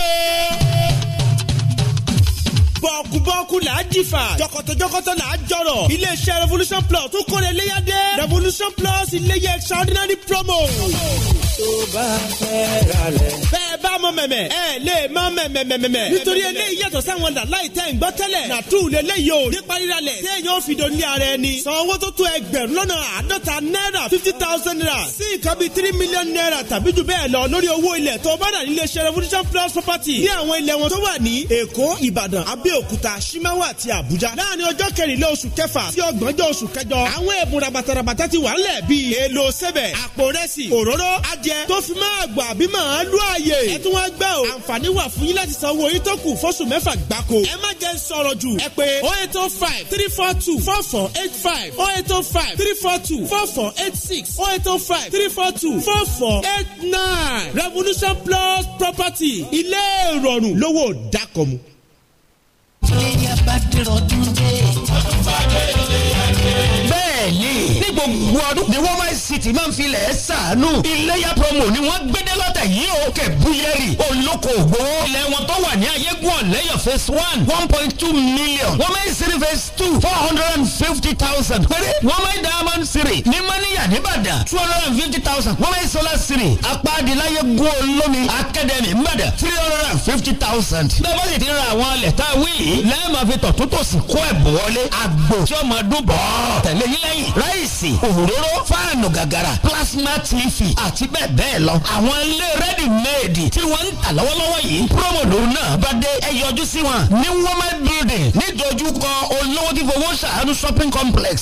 bọ́ọ̀kú-bọ́ọ̀kú là á jìfà jọkọ̀tọ̀jọkọ̀tọ̀ là á jọ̀rọ̀ iléeṣẹ́ revolution plus tún kọ́ni ẹlẹ́yàdé revolution plus iléyẹ extraordinary promo. promo tó bá fẹ́ ra lẹ̀. bẹ́ẹ̀ bá mọ mẹ̀mẹ̀ ẹ lè má mẹ̀mẹ̀mẹ̀mẹ̀. nítorí eléyìí yàtọ̀ sáwọn làláì tẹ́ ń gbọ́ tẹ́lẹ̀. nàtú lélẹ́yìí o nípa rírà lẹ̀ tí èèyàn fi dòní ara ẹni. san owó tó tó ẹgbẹ̀rún lọ́nà àádọ́ta náírà fifty thousand naira sí nǹkan bíi three million naira tàbí jù bẹ́ẹ̀ lọ lórí owó ilẹ̀ tó bá dà nílé iṣẹ́ revolution plus property ní àwọn ilẹ̀ wọn tó wà ní èkó ìbàdàn abẹ́òkúta simawa àti àbújá láàrin ọjọ́ kẹrìnlẹ́ oṣù kẹfà sí ọgbọ̀njọ́ oṣù kẹjọ àwọn ẹ̀bùn rabatarabata ti wà ń lẹ̀ bíi èlò sẹ́bẹ̀ àpò rẹ́sì òróró aj jẹ tó fi máa gbà bí màá lú àyè ẹ tún wá gbà o àǹfààní wà fún yín láti san owó yín tó kù fóṣù mẹ́fà gbáko ẹ má jẹ́ sọ̀rọ̀ jù ẹ pé oh eight oh five three four two four four eight five oh eight oh five three four two four four eight six oh eight oh five three four two four four eight nine revolution plus property ilé ìrọ̀rùn lówó dákọ̀mu. ilé yẹn bá dèrò dúró dé. ọdún bá dé gbogbo ọdún ni wọ́n máa city máa ń filẹ̀ ẹ́ sàánú iléyà promo ni wọ́n gbédé lọ́tẹ̀ yìí o kẹ̀ búyẹ́rì ilẹ̀ wọn tó wà ní ayégun ọ̀lẹ́yọ̀ phase one one point two million wọ́n máa city phase two four hundred and fifty thousand péré wọ́n máa diamond city ní mọ́níyà nìbàdàn two hundred and fifty thousand wọ́n máa solar city apáàdìláyé gun olómi akademi nìbàdàn three hundred and fifty thousand. bẹ́ẹ̀ sì ti ra àwọn alẹ̀ tá a wí yìí lẹ́ẹ̀ máa fi tọ̀tún tòsí kó ẹ̀bùn wọlé àgbò tí ó máa dún tẹ̀lé yín lẹ́yìn ráìsì gáàsì òróró fáànù gàgàrà plasma tv àti bẹ́ẹ̀ bẹ́ẹ̀ lọ. àwọn ilé ready made tí wọ́n ń tà lọ́wọ́lọ́wọ́ yìí promo lòun náà bá dé ẹ yọjú sí wọn ní woman building nídojúkọ olówó tí fowó ṣàánú shopping complex